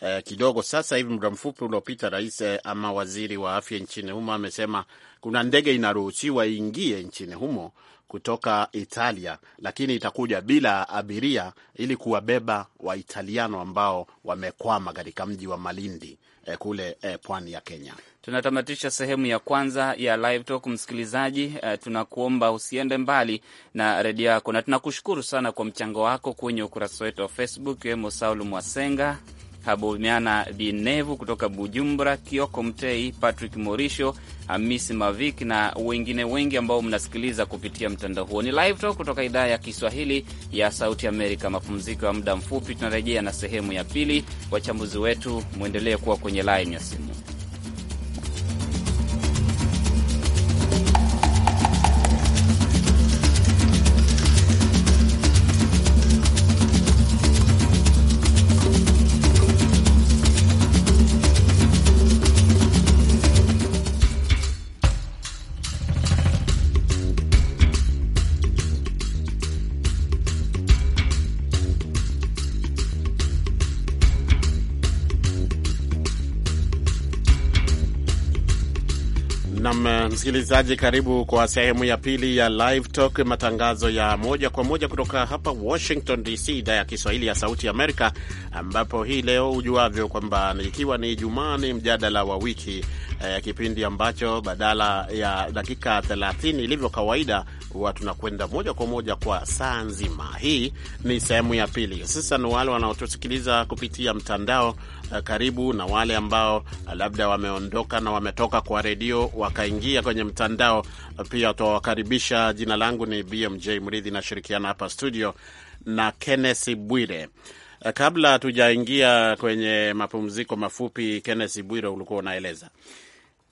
eh, kidogo sasa hivi muda mfupi uliopita, rais eh, ama waziri wa afya nchini humo amesema kuna ndege inaruhusiwa iingie nchini humo kutoka Italia, lakini itakuja bila abiria ili kuwabeba Waitaliano ambao wamekwama katika mji wa Malindi eh, kule eh, pwani ya Kenya. Tunatamatisha sehemu ya kwanza ya Live Talk. Msikilizaji, uh, tunakuomba usiende mbali na redio yako, na tunakushukuru sana kwa mchango wako kwenye ukurasa wetu wa Facebook, ikiwemo Saul Mwasenga Habumiana Binevu kutoka Bujumbura, Kioko Mtei, Patrick Morisho, Hamisi Mavik na wengine wengi ambao mnasikiliza kupitia mtandao huo. Ni Live Talk kutoka idhaa ya Kiswahili ya Sauti Amerika. Mapumziko ya muda mfupi, tunarejea na sehemu ya pili. Wachambuzi wetu, mwendelee kuwa kwenye laini ya simu. Nam eh, msikilizaji, karibu kwa sehemu ya pili ya Live Talk, matangazo ya moja kwa moja kutoka hapa Washington DC, idhaa ya Kiswahili ya Sauti Amerika, ambapo hii leo hujuavyo kwamba ikiwa ni Jumaa, ni mjadala wa wiki eh, kipindi ambacho badala ya dakika 30 ilivyo kawaida huwa tunakwenda moja kwa moja kwa saa nzima. Hii ni sehemu ya pili. Sasa ni wale wanaotusikiliza kupitia mtandao eh, karibu na wale ambao eh, labda wameondoka na wametoka kwa redio wakaingia kwenye mtandao pia tutawakaribisha. Jina langu ni BMJ Mridhi, nashirikiana hapa studio na Kenneth Bwire. Eh, kabla tujaingia kwenye mapumziko mafupi, Kenneth Bwire, ulikuwa unaeleza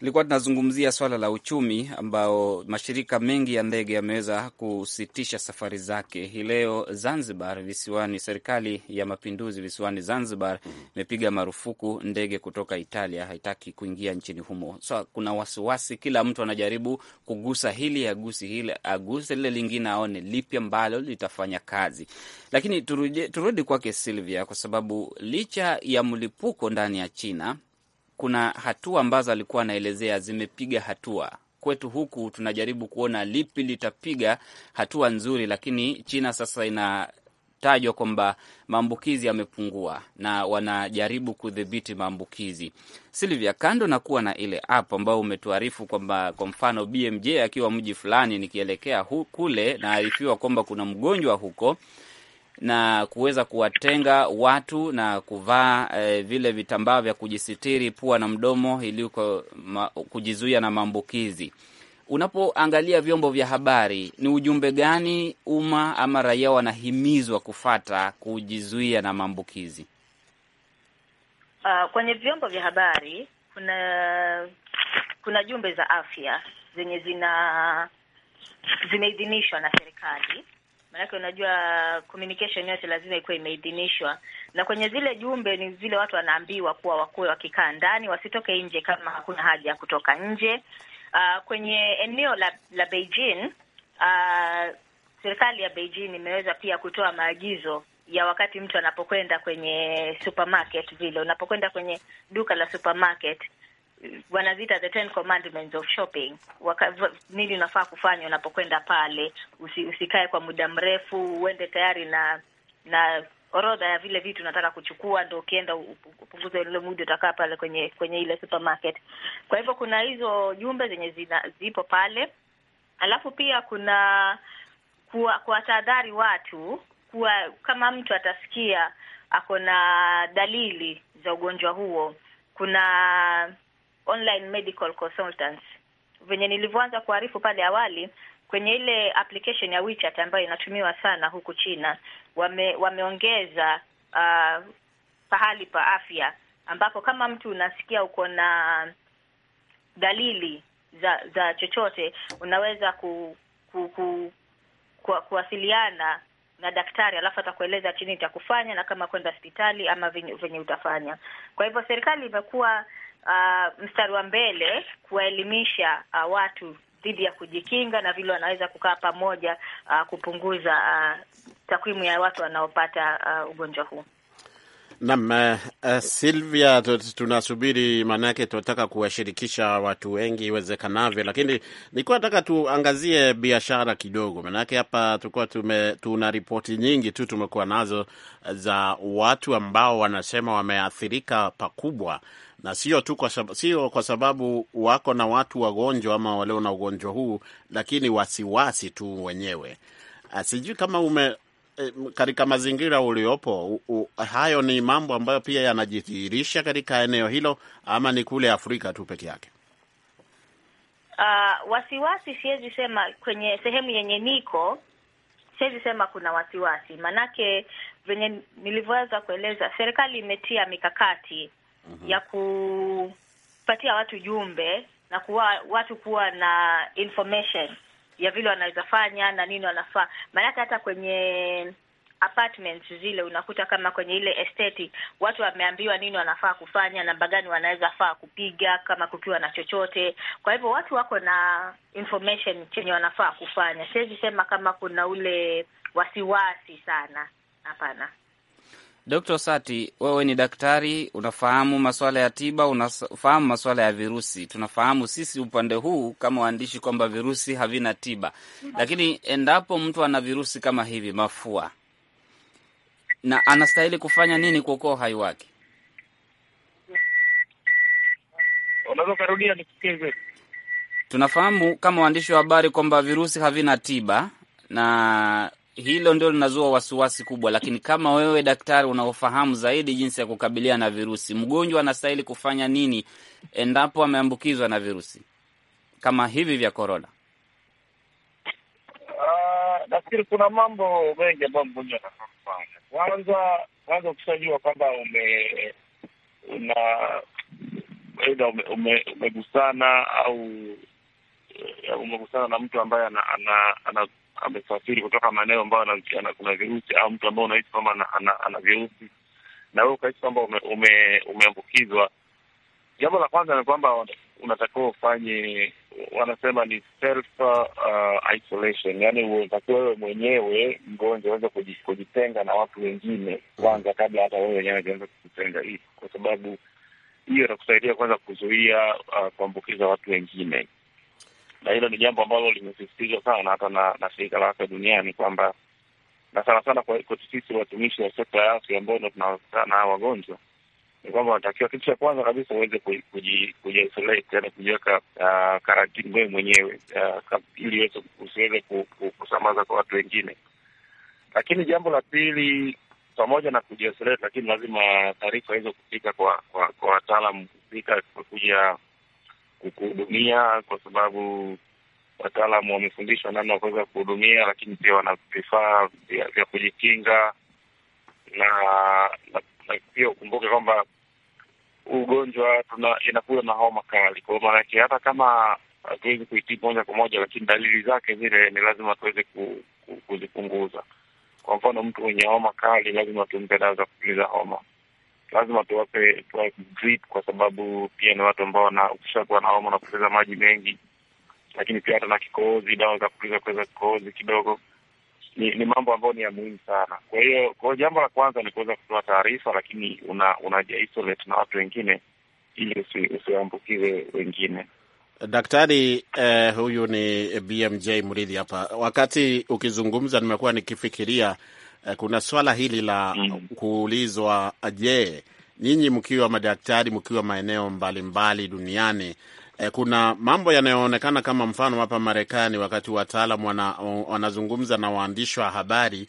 Tulikuwa tunazungumzia swala la uchumi ambao mashirika mengi ya ndege yameweza kusitisha safari zake. Hii leo Zanzibar visiwani, serikali ya mapinduzi visiwani Zanzibar imepiga marufuku ndege kutoka Italia, haitaki kuingia nchini humo. So, kuna wasiwasi, kila mtu anajaribu kugusa hili agusi hili aguse lile lingine, aone lipi ambalo litafanya kazi. Lakini turudi kwake Silvia, kwa sababu licha ya mlipuko ndani ya China kuna hatua ambazo alikuwa anaelezea zimepiga hatua kwetu huku tunajaribu kuona lipi litapiga hatua nzuri, lakini China sasa inatajwa kwamba maambukizi yamepungua na wanajaribu kudhibiti maambukizi. Silvia, kando na kuwa na ile app ambayo umetuarifu kwamba kwa mfano BMJ akiwa mji fulani, nikielekea kule naarifiwa kwamba kuna mgonjwa huko na kuweza kuwatenga watu na kuvaa eh, vile vitambaa vya kujisitiri pua na mdomo ili kujizuia na maambukizi. Unapoangalia vyombo vya habari, ni ujumbe gani umma ama raia wanahimizwa kufata kujizuia na maambukizi? Uh, kwenye vyombo vya habari kuna kuna jumbe za afya zenye zina zimeidhinishwa na serikali Maanake unajua communication yote lazima ikuwe imeidhinishwa, na kwenye zile jumbe ni zile watu wanaambiwa kuwa wakuwe wakikaa ndani, wasitoke nje kama hakuna haja ya kutoka nje. Uh, kwenye eneo la, la Beijing uh, serikali ya Beijing imeweza pia kutoa maagizo ya wakati mtu anapokwenda kwenye supermarket, vile unapokwenda kwenye duka la supermarket wanazita the ten commandments of shopping. Waka, nini unafaa kufanya unapokwenda pale? Usi, usikae kwa muda mrefu, uende tayari na na orodha ya vile vitu unataka kuchukua, ndo ukienda upunguze ile muda utakaa pale kwenye kwenye ile supermarket. Kwa hivyo kuna hizo jumbe zenye zina, zipo pale, alafu pia kuna tahadhari watu kuwa kama mtu atasikia ako na dalili za ugonjwa huo, kuna online medical consultants. Venye nilivyoanza kuarifu pale awali kwenye ile application ya WeChat ambayo inatumiwa sana huku China, wame, wameongeza uh, pahali pa afya ambapo kama mtu unasikia uko na dalili za za chochote unaweza ku, ku, ku, ku, kuwasiliana na daktari alafu atakueleza chini itakufanya na kama kwenda hospitali ama venye utafanya. Kwa hivyo serikali imekuwa uh, mstari wa mbele kuwaelimisha uh, watu dhidi ya kujikinga na vile wanaweza kukaa pamoja uh, kupunguza uh, takwimu ya watu wanaopata uh, ugonjwa huu. Nam uh, eh, eh, Silvia, tunasubiri maanake tunataka kuwashirikisha watu wengi iwezekanavyo, lakini nilikuwa nataka tuangazie biashara kidogo, maanake hapa tulikuwa tuna ripoti nyingi tu tumekuwa nazo eh, za watu ambao wanasema wameathirika pakubwa, na sio tu kwa sababu, sio kwa sababu wako na watu wagonjwa ama walio na ugonjwa huu, lakini wasiwasi tu wenyewe. Sijui kama ume, Eh, katika mazingira uliopo u, u, hayo ni mambo ambayo pia yanajidhihirisha katika eneo hilo ama ni kule Afrika tu peke yake? Uh, wasiwasi, siwezi sema kwenye sehemu yenye niko, siwezi sema kuna wasiwasi, manake venye nilivyoweza kueleza, serikali imetia mikakati uh-huh. ya kupatia watu jumbe na kuwa watu kuwa na information ya vile wanaweza fanya na nini wanafaa, maanake hata kwenye apartments zile unakuta kama kwenye ile esteti watu wameambiwa nini wanafaa kufanya, namba gani wanaweza faa kupiga kama kukiwa na chochote. Kwa hivyo watu wako na information chenye wanafaa kufanya. Siwezi sema kama kuna ule wasiwasi sana, hapana. Dr. Sati, wewe ni daktari, unafahamu masuala ya tiba, unafahamu masuala ya virusi. Tunafahamu sisi upande huu kama waandishi kwamba virusi havina tiba, lakini endapo mtu ana virusi kama hivi mafua, na anastahili kufanya nini kuokoa uhai wake? Tunafahamu kama waandishi wa habari kwamba virusi havina tiba na hilo ndio linazua wasiwasi kubwa, lakini kama wewe daktari unaofahamu zaidi jinsi ya kukabiliana na virusi, mgonjwa anastahili kufanya nini endapo ameambukizwa na virusi kama hivi vya korona? Uh, ah, nafikiri kuna mambo mengi ambayo mgonjwa anafaa kufanya. Kwanza kwanza, ukishajua kwamba ume- una aidha umegusana ume, ume au eh, umegusana na mtu ambaye ana, ana, ana, ana amesafiri kutoka maeneo ambayo kuna virusi au mtu ambao unahisi kwamba ana virusi na wewe ukahisi kwamba umeambukizwa ume, jambo la kwanza ni kwamba unatakiwa ufanye, wanasema ni self uh, isolation, yaani unatakiwa wewe mwenyewe mgonjwa uweze kujitenga na watu wengine kwanza, kabla hata wewe wenyewe hujaweza kujitenga hii, kwa sababu hiyo itakusaidia kwanza kuzuia uh, kuambukiza watu wengine na hilo ni jambo ambalo limesisitizwa sana hata na, na shirika la afya duniani kwamba na sana sana kwetu sisi watumishi wa sekta ya afya ambao ndo tunakutana na hawa wagonjwa ni kwamba wanatakiwa, kitu cha kwanza kabisa uweze kujiisolate, yaani kujiweka karantini uh, wewe mwenyewe uh, ili usiweze kusambaza kwa watu wengine. Lakini jambo la pili, pamoja na kujiisolate, lakini lazima taarifa hizo kufika kwa kwa wataalamu, kufika kuja kuhudumia kwa sababu wataalamu wamefundishwa namna ya kuweza kuhudumia, lakini pia wana vifaa vya kujikinga na, na, na pia ukumbuke kwamba ugonjwa inakuwa na homa kali. Kwa hiyo hata kama hatuwezi kuitii moja kwa moja, lakini dalili zake zile ni lazima tuweze ku, ku, kuzipunguza. Kwa mfano mtu mwenye homa kali lazima tumpe dawa za kutuliza homa lazima tuwape drip, kwa sababu pia ni watu ambao ukishakuwa na homa unapoteza maji mengi, lakini pia hata na kikohozi, dawa za kutuliza kuweza kikohozi kidogo. Ni, ni mambo ambayo ni ya muhimu sana. Kwa hiyo kwa jambo la kwanza ni kuweza kutoa taarifa, lakini una, unaja isolate na watu wengine ili usiwaambukize wengine. Daktari eh, huyu ni BMJ Mridhi hapa. Wakati ukizungumza, nimekuwa nikifikiria Eh, kuna swala hili la mm. kuulizwa, je, nyinyi mkiwa madaktari mkiwa maeneo mbalimbali mbali duniani eh, kuna mambo yanayoonekana kama mfano hapa Marekani, wakati wataalam wanazungumza na waandishi wa habari,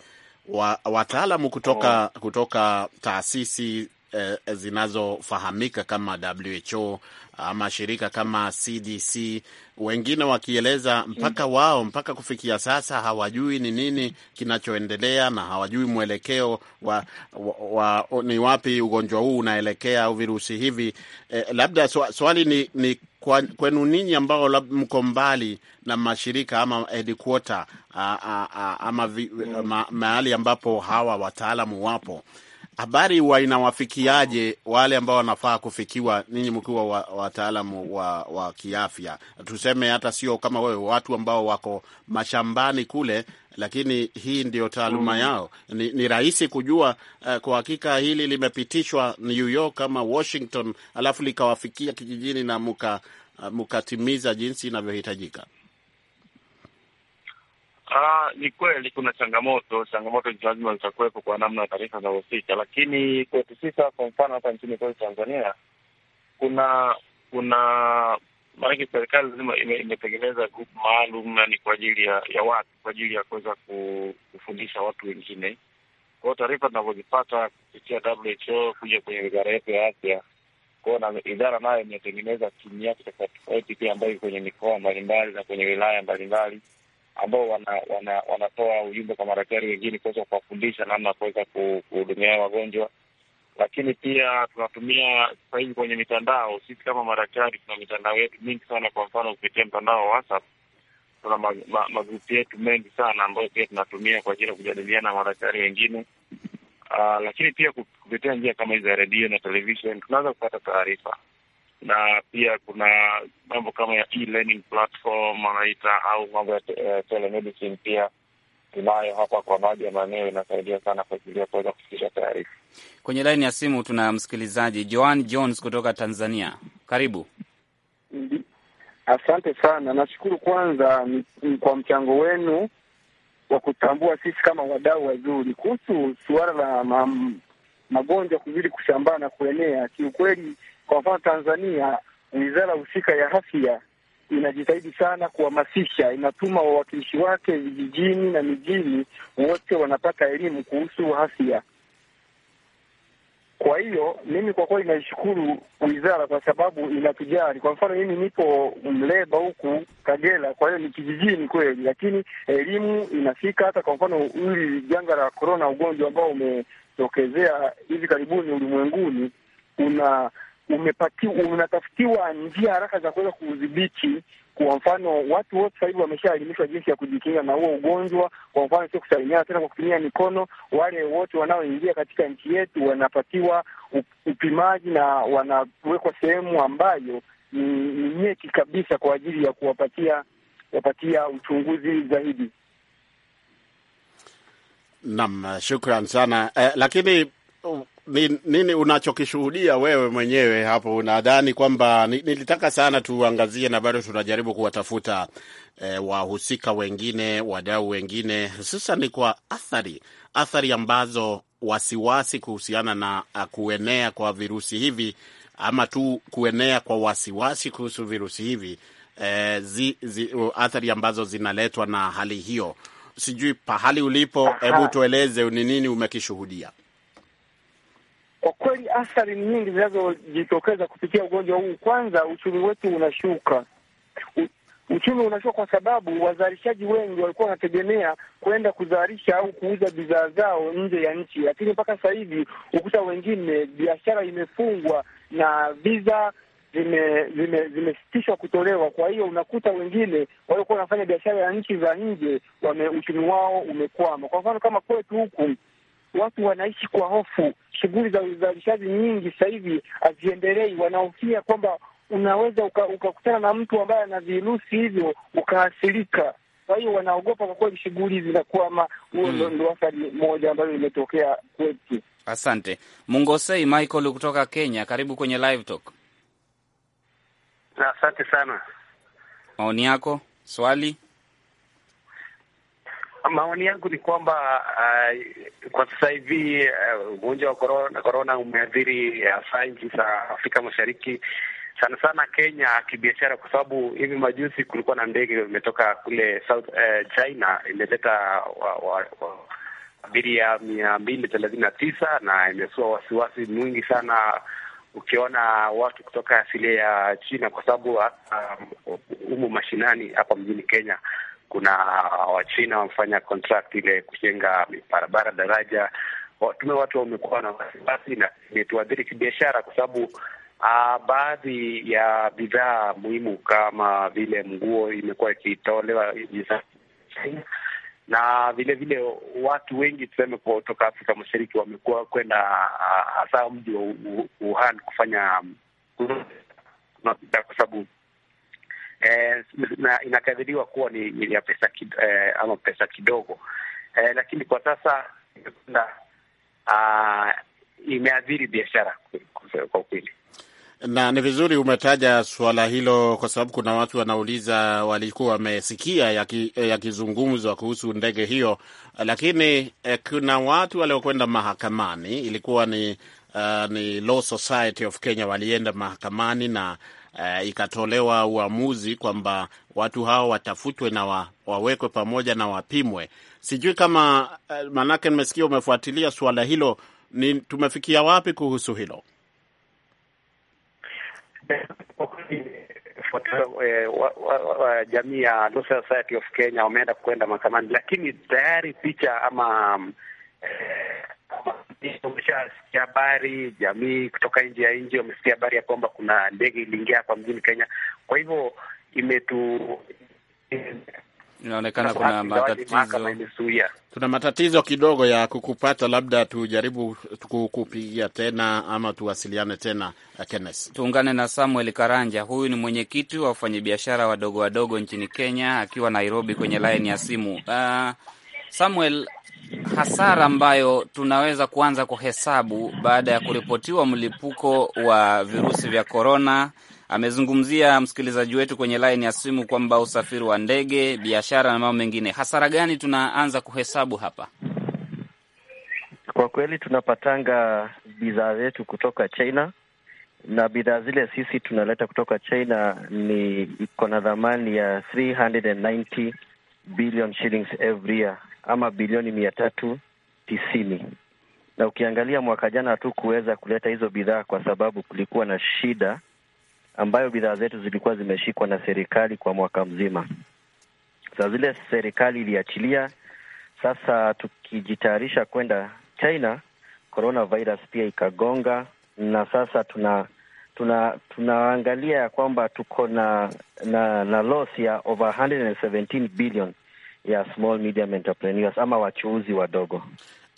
wataalamu kutoka oh. kutoka taasisi e, zinazofahamika kama WHO ama shirika kama CDC, wengine wakieleza mpaka mm. wao mpaka kufikia sasa hawajui ni nini kinachoendelea na hawajui mwelekeo wa, wa, wa ni wapi ugonjwa huu unaelekea au virusi hivi eh, labda swali ni, ni kwa, kwenu ninyi ambao mko mbali na mashirika ama headquarter ama mm. mahali ambapo hawa wataalamu wapo habari huwa inawafikiaje wale ambao wanafaa kufikiwa, ninyi mkiwa wataalamu wa, wa kiafya? Tuseme hata sio kama wewe, watu ambao wako mashambani kule, lakini hii ndio taaluma mm. yao. Ni, ni rahisi kujua uh, kwa hakika hili limepitishwa New York ama Washington alafu likawafikia kijijini na muka, uh, mukatimiza jinsi inavyohitajika. Ah, ni kweli kuna changamoto. Changamoto lazima zitakuwepo kwa namna ya taarifa zinazohusika, lakini kwetu sisi kwa mfano hapa nchini kwetu Tanzania kuna kuna maanake serikali lazima imetengeneza grupu maalum na ni kwa ajili ya ya watu kwa ajili ya kuweza kufundisha watu wengine. Kwa hiyo taarifa tunavyozipata kupitia WHO kuja kwenye wizara yetu ya afya na idara nayo imetengeneza timu yake tofauti pia ambayo kwenye mikoa mbalimbali na kwenye wilaya mbalimbali ambao wanatoa wana, wana ujumbe kwa madaktari wengine kuweza kuwafundisha namna ya kuweza kuhudumia wagonjwa. Lakini pia tunatumia sasa hivi kwenye mitandao, sisi kama madaktari tuna mitandao yetu mingi sana. Kwa mfano, kupitia mtandao wa WhatsApp tuna magrupu ma, ma yetu mengi sana ambayo pia tunatumia kwa ajili ya kujadiliana na madaktari wengine. Uh, lakini pia kupitia njia kama hizi za redio na televishen tunaweza kupata taarifa na pia kuna mambo kama ya e-learning platform wanaita au mambo ya eh, telemedicine pia tunayo hapa kwa baadhi ya maeneo, inasaidia sana kwa ajili ya kuweza kufikisha taarifa. Kwenye laini ya simu tuna msikilizaji Joan Jones kutoka Tanzania. Karibu. Asante sana, nashukuru kwanza kwa mchango wenu wa kutambua sisi kama wadau wazuri kuhusu suala la magonjwa kuzidi kushambaa na kuenea. Kiukweli kwa mfano, Tanzania, wizara husika ya afya inajitahidi sana kuhamasisha, inatuma wawakilishi wake vijijini na mijini, wote wanapata elimu kuhusu afya. Kwa hiyo mimi kwa kweli naishukuru wizara kwa sababu inatujali. Kwa mfano mimi nipo Mleba huku Kagera, kwa hiyo ni kijijini kweli, lakini elimu inafika. Hata kwa mfano hili janga la korona, ugonjwa ambao umetokezea hivi karibuni ulimwenguni, kuna umepatiwa, unatafutiwa njia haraka za kuweza kuudhibiti. Kwa mfano, watu wote sasa hivi wameshaelimishwa jinsi ya kujikinga na huo ugonjwa. Kwa mfano, sio kusalimiana tena kwa kutumia mikono. Wale wote wanaoingia katika nchi yetu wanapatiwa upimaji na wanawekwa sehemu ambayo ni nyeti kabisa kwa ajili ya kuwapatia wapatia uchunguzi zaidi. Naam, shukran sana eh, lakini nini, nini unachokishuhudia wewe mwenyewe hapo? Unadhani kwamba nilitaka sana tuangazie, na bado tunajaribu kuwatafuta eh, wahusika wengine, wadau wengine, hususan kwa athari athari ambazo wasiwasi kuhusiana na ah, kuenea kwa virusi hivi ama tu kuenea kwa wasiwasi kuhusu virusi hivi eh, zi, zi, athari ambazo zinaletwa na hali hiyo. Sijui pahali ulipo, hebu tueleze ni nini umekishuhudia. Kwa kweli athari nyingi zinazojitokeza kupitia ugonjwa huu, kwanza uchumi wetu unashuka. U, uchumi unashuka kwa sababu wazalishaji wengi walikuwa wanategemea kwenda kuzalisha au kuuza bidhaa zao nje ya nchi, lakini mpaka sasa hivi ukuta wengine biashara imefungwa na viza zimesitishwa zime, zime kutolewa. Kwa hiyo unakuta wengine waliokuwa wanafanya biashara ya nchi za nje wame uchumi wao umekwama. Kwa mfano kama kwetu huku watu wanaishi kwa hofu. Shughuli za uzalishaji nyingi sasa hivi haziendelei, wanahofia kwamba unaweza ukakutana uka na mtu ambaye ana virusi hivyo ukaathirika. Kwa hiyo wanaogopa kwa kweli, shughuli zinakwama. Huo ndo hmm. ndo athari moja ambayo imetokea kwetu. Asante Mungosei Michael kutoka Kenya, karibu kwenye Live Talk. Asante sana, maoni yako swali Maoni yangu ni kwamba uh, kwa sasa hivi uh, ugonjwa uh, wa korona umeathiri hasa nchi za Afrika Mashariki, sana sana Kenya kibiashara, kwa sababu hivi majuzi kulikuwa na ndege imetoka kule South uh, China imeleta abiria mia mbili thelathini na tisa na imesua wasiwasi mwingi sana ukiona watu kutoka asilia ya China kwa sababu hata um, mashinani hapa mjini Kenya kuna Wachina wamefanya contract ile kujenga barabara, daraja. Watume watu wamekuwa na wasiwasi na imetuadhiri kibiashara, kwa sababu ah, baadhi ya bidhaa muhimu kama vile nguo imekuwa ikitolewa na vile vile watu wengi tuseme kutoka Afrika Mashariki wamekuwa kwenda ah, hasa mji wa Wuhan kufanya kwa sababu eh, na inakadhiriwa kuwa ni, ni ya pesa kid, eh, ama pesa kidogo eh, lakini kwa sasa uh, imeathiri biashara kwa ukweli na ni vizuri umetaja suala hilo kwa sababu kuna watu wanauliza, walikuwa wamesikia eh, yakizungumzwa yaki kuhusu ndege hiyo, lakini eh, kuna watu waliokwenda mahakamani. Ilikuwa ni, uh, ni Law Society of Kenya walienda mahakamani na uh, ikatolewa uamuzi kwamba watu hao watafutwe na wa, wawekwe pamoja na wapimwe. Sijui kama uh, manake nimesikia umefuatilia suala hilo, ni tumefikia wapi kuhusu hilo? Eh, wa, jamii ya Society of Kenya wameenda kwenda mahakamani, lakini tayari picha ama umeshasikia habari, jamii kutoka nje ya nje wamesikia habari ya kwamba kuna ndege iliingia hapa mjini Kenya. Kwa hivyo imetu inaonekana kuna matatizo, kuna matatizo kidogo ya kukupata, labda tujaribu kukupigia tena ama tuwasiliane tena. Eh, Kenneth, tuungane na Samuel Karanja. Huyu ni mwenyekiti wa wafanyabiashara wadogo wadogo nchini Kenya, akiwa Nairobi kwenye laini ya simu. Uh, Samuel, hasara ambayo tunaweza kuanza kuhesabu baada ya kuripotiwa mlipuko wa virusi vya korona. Amezungumzia msikilizaji wetu kwenye laini ya simu kwamba usafiri wa ndege, biashara na mambo mengine, hasara gani tunaanza kuhesabu hapa? Kwa kweli tunapatanga bidhaa zetu kutoka China na bidhaa zile sisi tunaleta kutoka China ni iko na dhamani ya 390 billion shillings every year ama bilioni mia tatu tisini na ukiangalia mwaka jana hatukuweza kuleta hizo bidhaa kwa sababu kulikuwa na shida ambayo bidhaa zetu zilikuwa zimeshikwa na serikali kwa mwaka mzima. Sa zile serikali iliachilia. Sasa tukijitayarisha kwenda China, coronavirus pia ikagonga, na sasa tuna tuna tunaangalia ya kwamba tuko na na, na loss ya over 117 billion ya small medium entrepreneurs ama wachuuzi wadogo.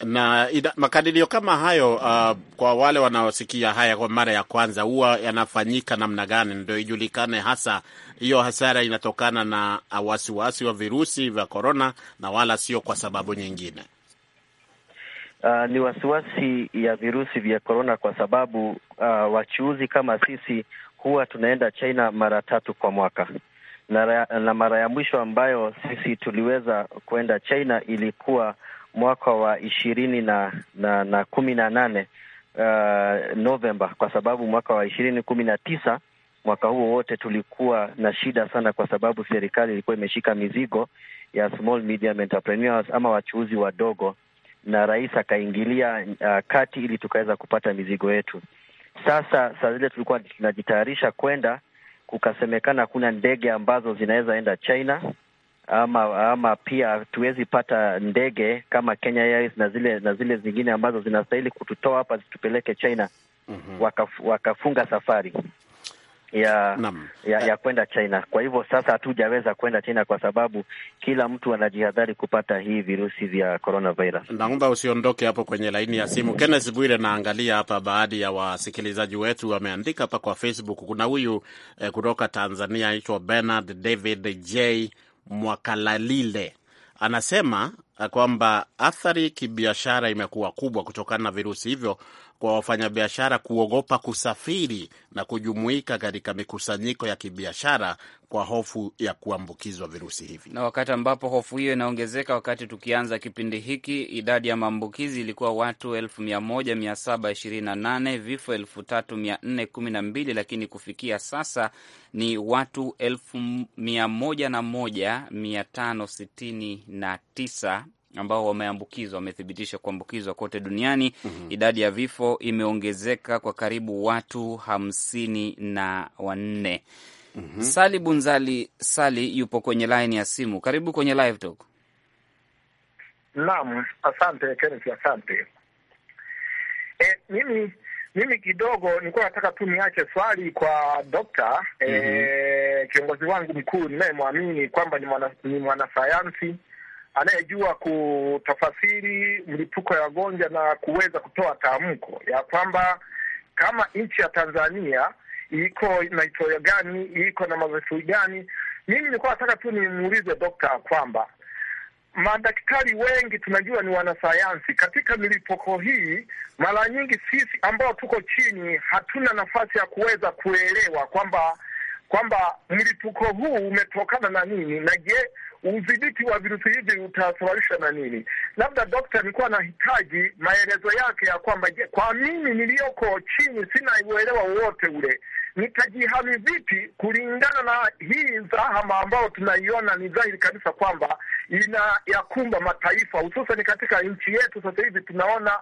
Na ida, makadirio kama hayo uh, kwa wale wanaosikia haya kwa mara ya kwanza huwa yanafanyika namna gani ndio ijulikane hasa hiyo hasara inatokana na uh, wasiwasi wa virusi vya korona na wala sio kwa sababu nyingine? Uh, ni wasiwasi ya virusi vya korona kwa sababu uh, wachuuzi kama sisi huwa tunaenda China mara tatu kwa mwaka na, na mara ya mwisho ambayo sisi tuliweza kwenda China ilikuwa mwaka wa ishirini na, na, na kumi na nane uh, Novemba, kwa sababu mwaka wa ishirini kumi na tisa mwaka huo wote tulikuwa na shida sana, kwa sababu serikali ilikuwa imeshika mizigo ya small medium entrepreneurs ama wachuuzi wadogo, na rais akaingilia uh, kati ili tukaweza kupata mizigo yetu. Sasa saa zile tulikuwa tunajitayarisha kwenda kukasemekana kuna ndege ambazo zinaweza enda China ama ama pia tuwezi pata ndege kama Kenya Airways na zile na zile zingine ambazo zinastahili kututoa hapa zitupeleke China. Mm -hmm. Wakaf, wakafunga safari ya Nam. ya, ya kwenda China. Kwa hivyo sasa hatujaweza kwenda China kwa sababu kila mtu anajihadhari kupata hii virusi vya coronavirus. Naomba usiondoke hapo kwenye laini ya simu. Kenneth Bwire, naangalia hapa baadhi ya wasikilizaji wetu wameandika hapa kwa Facebook. Kuna huyu eh, kutoka Tanzania aitwa Bernard David J Mwakalalile anasema kwamba athari kibiashara imekuwa kubwa kutokana na virusi hivyo, kwa wafanyabiashara kuogopa kusafiri na kujumuika katika mikusanyiko ya kibiashara kwa hofu ya kuambukizwa virusi hivi. Na wakati ambapo hofu hiyo inaongezeka, wakati tukianza kipindi hiki, idadi ya maambukizi ilikuwa watu 1728 vifo 3412 lakini kufikia sasa ni watu 111569 ambao wameambukizwa wamethibitisha kuambukizwa kote duniani. mm -hmm. Idadi ya vifo imeongezeka kwa karibu watu hamsini na wanne. mm -hmm. Sali Bunzali Sali yupo kwenye laini ya simu. Karibu kwenye live talk. Naam, asante Kenneth, asante. E, mimi mimi kidogo nilikuwa nataka tu niache swali kwa dokta. mm -hmm. E, kiongozi wangu mkuu ninayemwamini kwamba ni mwanasayansi anayejua kutafasiri mlipuko ya wagonjwa na kuweza kutoa tamko ya kwamba kama nchi ya Tanzania iko na historia gani, iko na madhaifu gani. Mimi nilikuwa nataka tu nimuulize dokta kwamba madaktari wengi tunajua ni wanasayansi. Katika milipuko hii, mara nyingi sisi ambao tuko chini hatuna nafasi ya kuweza kuelewa kwamba kwamba mlipuko huu umetokana na nini, na je, udhibiti wa virusi hivi utasababishwa na nini? Labda dokta, nilikuwa nahitaji maelezo yake ya kwamba, je, kwa mimi niliyoko chini, sina uelewa wowote ule, nitajihami vipi kulingana na hii zahama ambayo tunaiona? Ni dhahiri kabisa kwamba ina yakumba mataifa, hususani katika nchi yetu. Sasa hivi tunaona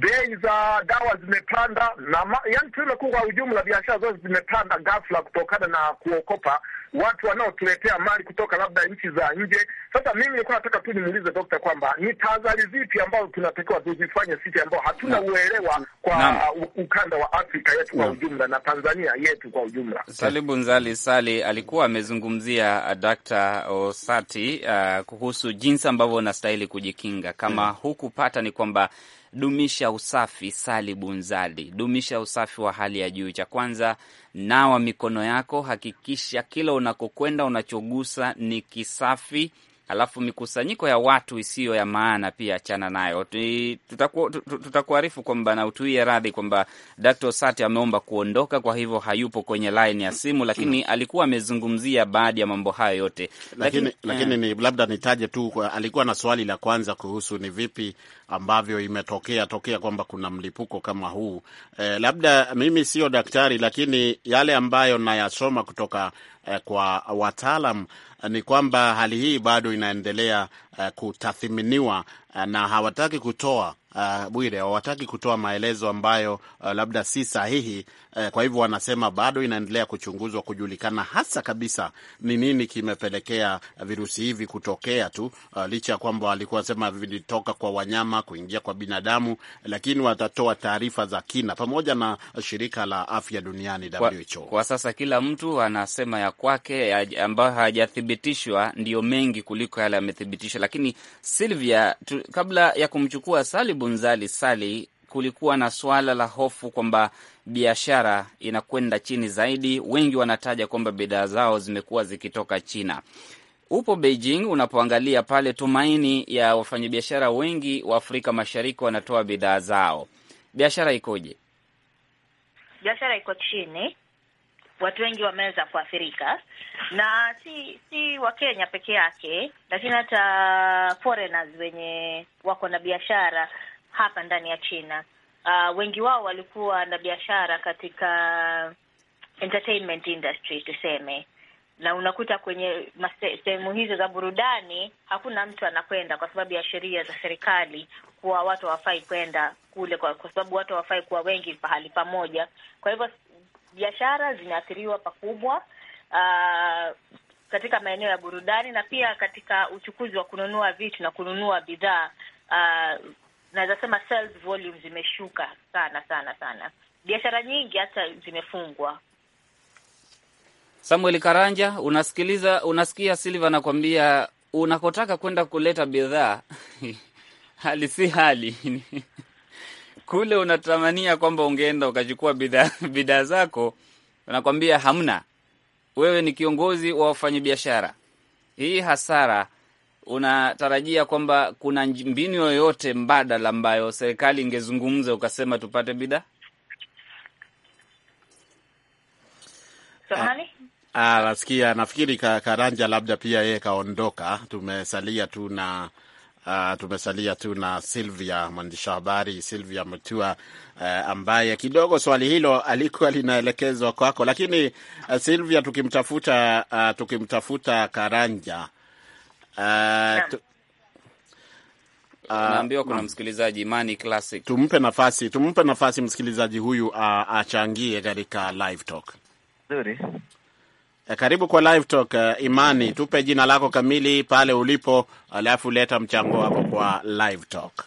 bei za dawa zimepanda, na yani tuseme kuu kwa ujumla biashara zote zimepanda ghafla kutokana na kuokopa watu wanaotuletea mali kutoka labda nchi za nje. Sasa mimi nilikuwa nataka tu nimuulize Dokta kwamba ni tahadhari zipi ambazo tunatakiwa tuzifanye sisi ambao hatuna uelewa kwa uh, ukanda wa Afrika yetu kwa ujumla na Tanzania yetu kwa ujumla. Salibu Nzali Sali alikuwa amezungumzia uh, Dakta Osati uh, kuhusu jinsi ambavyo unastahili kujikinga kama hmm, hukupata ni kwamba dumisha usafi. Sali Bunzali, dumisha usafi wa hali ya juu. Cha kwanza, nawa mikono yako, hakikisha kila unakokwenda unachogusa ni kisafi alafu mikusanyiko ya watu isiyo ya maana pia achana nayo. Tutakuarifu tutaku kwamba na utuie radhi kwamba Dr. Sati ameomba kuondoka, kwa hivyo hayupo kwenye laini ya simu, lakini hmm. alikuwa amezungumzia baadhi ya mambo hayo yote, lakini, lakini, lakini yeah. Ni, labda nitaje tu kwa, alikuwa na swali la kwanza kuhusu ni vipi ambavyo imetokea tokea kwamba kuna mlipuko kama huu eh, labda mimi sio daktari, lakini yale ambayo nayasoma kutoka eh, kwa wataalam ni kwamba hali hii bado inaendelea uh, kutathiminiwa uh, na hawataki kutoa uh, Bwire, hawataki kutoa maelezo ambayo uh, labda si sahihi uh, kwa hivyo wanasema bado inaendelea kuchunguzwa kujulikana hasa kabisa ni nini kimepelekea virusi hivi kutokea tu, uh, licha ya kwamba walikuwa sema vilitoka kwa wanyama kuingia kwa binadamu, lakini watatoa taarifa za kina pamoja na shirika la afya duniani WHO. Kwa, kwa sasa kila mtu anasema ya kwake ambayo hayajathibitishwa ndiyo mengi kuliko yale yamethibitishwa, lakini Silvia kabla ya kumchukua Salibu Unzali Sali, kulikuwa na swala la hofu kwamba biashara inakwenda chini zaidi. Wengi wanataja kwamba bidhaa zao zimekuwa zikitoka China. Upo Beijing, unapoangalia pale, tumaini ya wafanyabiashara wengi wa Afrika Mashariki wanatoa bidhaa zao. Biashara ikoje? Biashara iko chini, watu wengi wameweza kuathirika, na si si Wakenya peke yake, lakini hata foreigners wenye wako na biashara hapa ndani ya China. Uh, wengi wao walikuwa na biashara katika entertainment industry tuseme, na unakuta kwenye sehemu hizo za burudani hakuna mtu anakwenda kwa sababu ya sheria za serikali kuwa watu hawafai kwenda kule kwa, kwa sababu watu hawafai kuwa wengi pahali pamoja. Kwa hivyo biashara zinaathiriwa pakubwa, uh, katika maeneo ya burudani na pia katika uchukuzi wa kununua vitu na kununua bidhaa uh, naweza sema sales volume zimeshuka sana sana sana. Biashara nyingi hata zimefungwa. Samuel Karanja, unasikiliza, unasikia Silva anakuambia unakotaka kwenda kuleta bidhaa *laughs* hali si hali *laughs* kule unatamania kwamba ungeenda ukachukua bidhaa *laughs* bidhaa zako, unakwambia hamna. Wewe ni kiongozi wa wafanyabiashara, hii hasara unatarajia kwamba kuna mbinu yoyote mbadala ambayo serikali ingezungumza ukasema tupate bidhaa? Ah, ah, nasikia nafikiri Karanja labda pia yeye kaondoka, tumesalia tu na Uh, tumesalia tu na Silvia mwandishi wa habari Silvia Mutua uh, ambaye kidogo swali hilo alikuwa linaelekezwa kwako, lakini uh, eh, Silvia, tukimtafuta uh, tukimtafuta Karanja uh, naambiwa kuna msikilizaji Imani Classic. Tumpe nafasi, tumpe nafasi msikilizaji huyu uh, achangie katika live talk. Nzuri. Eh, karibu kwa live talk uh, Imani, tupe jina lako kamili pale ulipo, alafu leta mchango wako kwa live talk.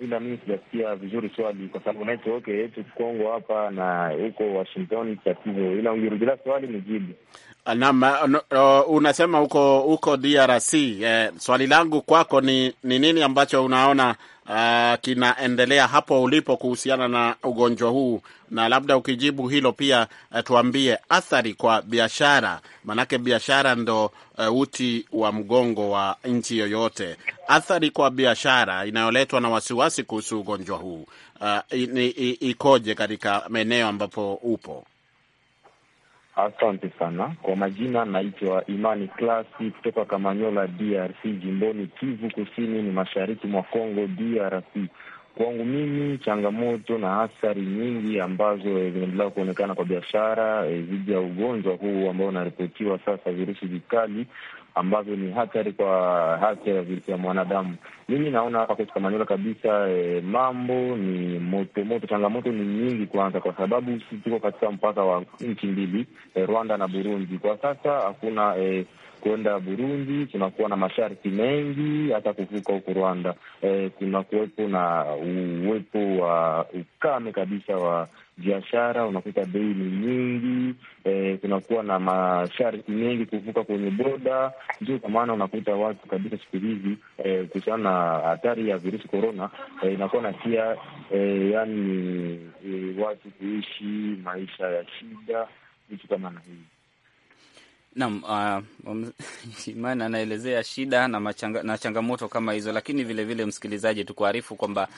Ila mimi sijasikia vizuri swali kwa sababu naitwa okay, yetu Kongo hapa na huko Washington tatizo, ila ungerudia swali nijibu. Ah, naam, unasema huko huko DRC. Eh, swali langu kwako ni ni nini ambacho unaona uh, kinaendelea hapo ulipo kuhusiana na ugonjwa huu, na labda ukijibu hilo pia uh, tuambie athari kwa biashara, maanake biashara ndo uh, uti wa mgongo wa nchi yoyote. Athari kwa biashara inayoletwa na wasiwasi kuhusu ugonjwa huu uh, ikoje katika maeneo ambapo upo? Asante sana kwa majina, naitwa Imani Klasi kutoka Kamanyola, DRC, jimboni Kivu Kusini, ni mashariki mwa congo DRC. Kwangu mimi changamoto na athari nyingi ambazo eh, zinaendelea kuonekana kwa biashara eh, dhidi ya ugonjwa huu ambao unaripotiwa sasa, virusi vikali ambavyo ni hatari kwa afya ya mwanadamu. Mimi naona hapa kwetu Kamanyola kabisa e, mambo ni moto moto, changamoto ni nyingi. Kwanza kwa sababu tuko katika mpaka wa nchi mbili e, Rwanda na Burundi. Kwa sasa hakuna e, kwenda Burundi tunakuwa na masharti mengi, hata kuvuka huku Rwanda e, kuna kuwepo na uwepo wa ukame kabisa wa biashara, unakuta bei ni nyingi e, kunakuwa na masharti mengi kuvuka kwenye boda, ndio kwa maana unakuta watu kabisa siku hizi e, kuhusiana na hatari ya virusi korona eh, inakuwa na tia eh, yani eh, watu kuishi maisha ya shida, vitu kama na hivi Naam, uh, ah, um, *laughs* Imani anaelezea shida na, machanga, na changamoto kama hizo, lakini vilevile vile msikilizaji, tukuarifu kwamba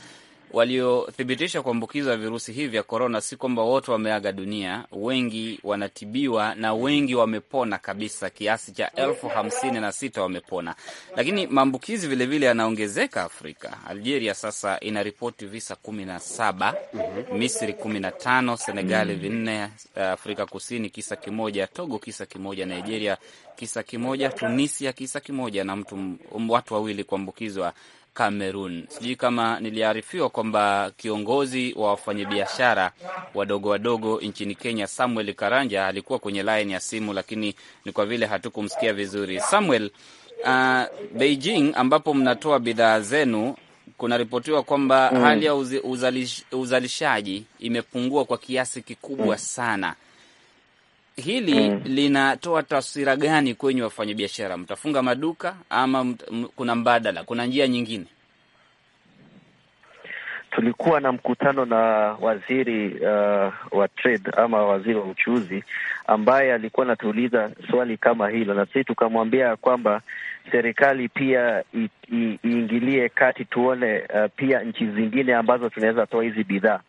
waliothibitisha kuambukizwa virusi hivi vya korona, si kwamba wote wameaga dunia. Wengi wanatibiwa na wengi wamepona kabisa, kiasi cha elfu hamsini na sita wamepona, lakini maambukizi vilevile yanaongezeka Afrika. Algeria sasa ina ripoti visa kumi na saba mhm. Misri kumi na tano Senegali mm. vinne, Afrika Kusini kisa kimoja, Togo kisa kimoja, Nigeria kisa kimoja, Tunisia kisa kimoja na mtu watu wawili kuambukizwa Kamerun. Sijui kama niliarifiwa kwamba kiongozi wa wafanyabiashara wadogo wadogo nchini Kenya, Samuel Karanja, alikuwa kwenye laini ya simu, lakini ni kwa vile hatukumsikia vizuri. Samuel, uh, Beijing ambapo mnatoa bidhaa zenu kunaripotiwa kwamba mm, hali ya uzalishaji imepungua kwa kiasi kikubwa mm. sana hili mm, linatoa taswira gani kwenye wafanyabiashara? Mtafunga maduka ama mt, kuna mbadala, kuna njia nyingine? Tulikuwa na mkutano na waziri uh, wa trade ama waziri wa uchuzi ambaye alikuwa anatuuliza swali kama hilo, na sisi tukamwambia ya kwamba serikali pia iingilie kati, tuone uh, pia nchi zingine ambazo tunaweza toa hizi bidhaa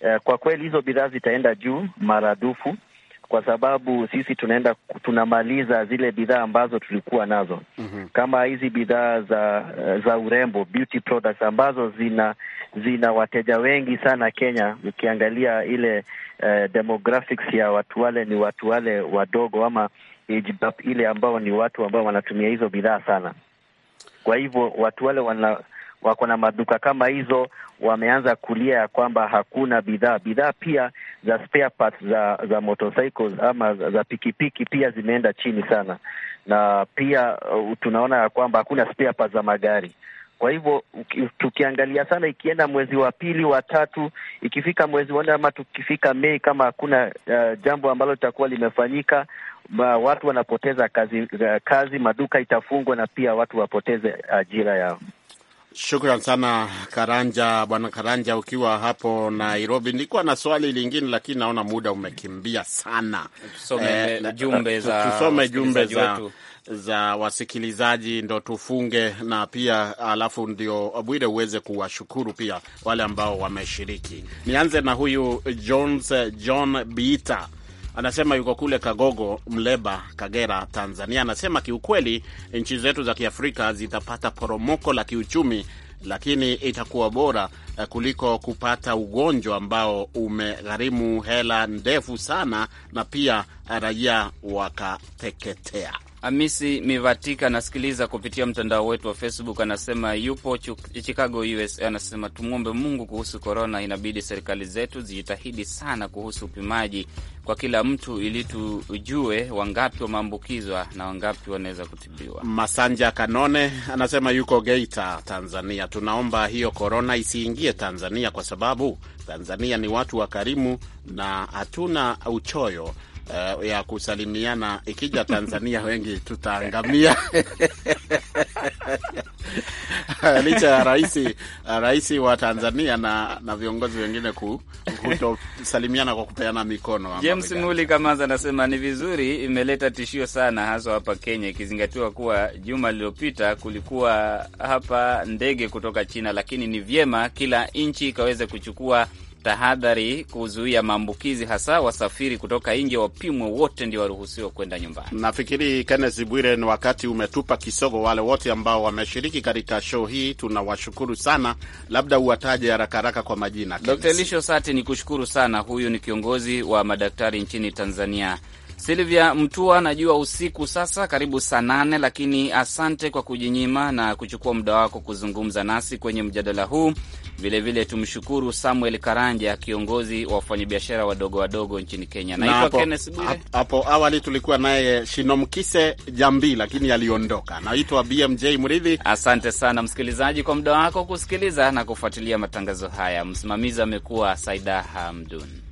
uh, kwa kweli hizo bidhaa zitaenda juu maradufu kwa sababu sisi tunaenda tunamaliza zile bidhaa ambazo tulikuwa nazo mm -hmm. kama hizi bidhaa za za urembo beauty products ambazo zina zina wateja wengi sana Kenya. Ukiangalia ile eh, demographics ya watu wale ni watu wale wadogo ama age gap ile ambao ni watu ambao wanatumia hizo bidhaa sana. Kwa hivyo watu wale wana wako na maduka kama hizo, wameanza kulia ya kwamba hakuna bidhaa bidhaa pia za spare parts za za motorcycles ama za pikipiki pia zimeenda chini sana, na pia uh, tunaona ya kwamba hakuna spare parts za magari. Kwa hivyo tukiangalia sana, ikienda mwezi wa pili wa tatu, ikifika mwezi wa nne ama tukifika Mei, kama hakuna uh, jambo ambalo litakuwa limefanyika Ma watu wanapoteza kazi, uh, kazi maduka itafungwa na pia watu wapoteze ajira yao. Shukran sana Karanja, bwana Karanja, ukiwa hapo Nairobi. Nilikuwa na swali lingine, lakini naona muda umekimbia sana. Tusome eh, jumbe za, tusome jumbe za, za wasikilizaji ndo tufunge, na pia alafu ndio Bwire uweze kuwashukuru pia wale ambao wameshiriki. Nianze na huyu Jones John Biita anasema yuko kule Kagogo, Mleba, Kagera, Tanzania. Anasema kiukweli nchi zetu za Kiafrika zitapata poromoko la kiuchumi, lakini itakuwa bora eh, kuliko kupata ugonjwa ambao umegharimu hela ndefu sana na pia eh, raia wakateketea. Hamisi Mivatika anasikiliza kupitia mtandao wetu wa Facebook, anasema yupo Chicago, USA. Anasema tumwombe Mungu kuhusu korona, inabidi serikali zetu zijitahidi sana kuhusu upimaji kwa kila mtu, ili tujue wangapi wameambukizwa na wangapi wanaweza kutibiwa. Masanja Kanone anasema yuko Geita, Tanzania, tunaomba hiyo korona isiingie Tanzania kwa sababu Tanzania ni watu wakarimu na hatuna uchoyo uh, ya kusalimiana. Ikija Tanzania *laughs* wengi tutaangamia *laughs* licha ya rais rais wa Tanzania na, na viongozi wengine kutosalimiana kwa kupeana mikono. James Muli Kamaza anasema ni vizuri, imeleta tishio sana haswa hapa Kenya, ikizingatiwa kuwa juma lililopita kulikuwa hapa ndege kutoka China, lakini ni vyema kila nchi ikaweze kuchukua tahadhari kuzuia maambukizi, hasa wasafiri kutoka nje wapimwe wote, ndio waruhusiwa kwenda nyumbani. Nafikiri Kennes Bwire, ni wakati umetupa kisogo. Wale wote ambao wameshiriki katika show hii tunawashukuru sana, labda uwataje haraka haraka kwa majina. Dkt. Elisho Sati, ni kushukuru sana. Huyu ni kiongozi wa madaktari nchini Tanzania. Silvia Mtua, najua usiku sasa karibu saa nane, lakini asante kwa kujinyima na kuchukua muda wako kuzungumza nasi kwenye mjadala huu. Vilevile tumshukuru Samuel Karanja, kiongozi wa wafanyabiashara wadogo wadogo nchini Kenya. Naitwa Kenneth Hapo awali tulikuwa naye Shinomkise Jambi, lakini aliondoka. Naitwa BMJ Mridhi. Asante sana msikilizaji kwa muda wako kusikiliza na kufuatilia matangazo haya. Msimamizi amekuwa Saida Hamdun.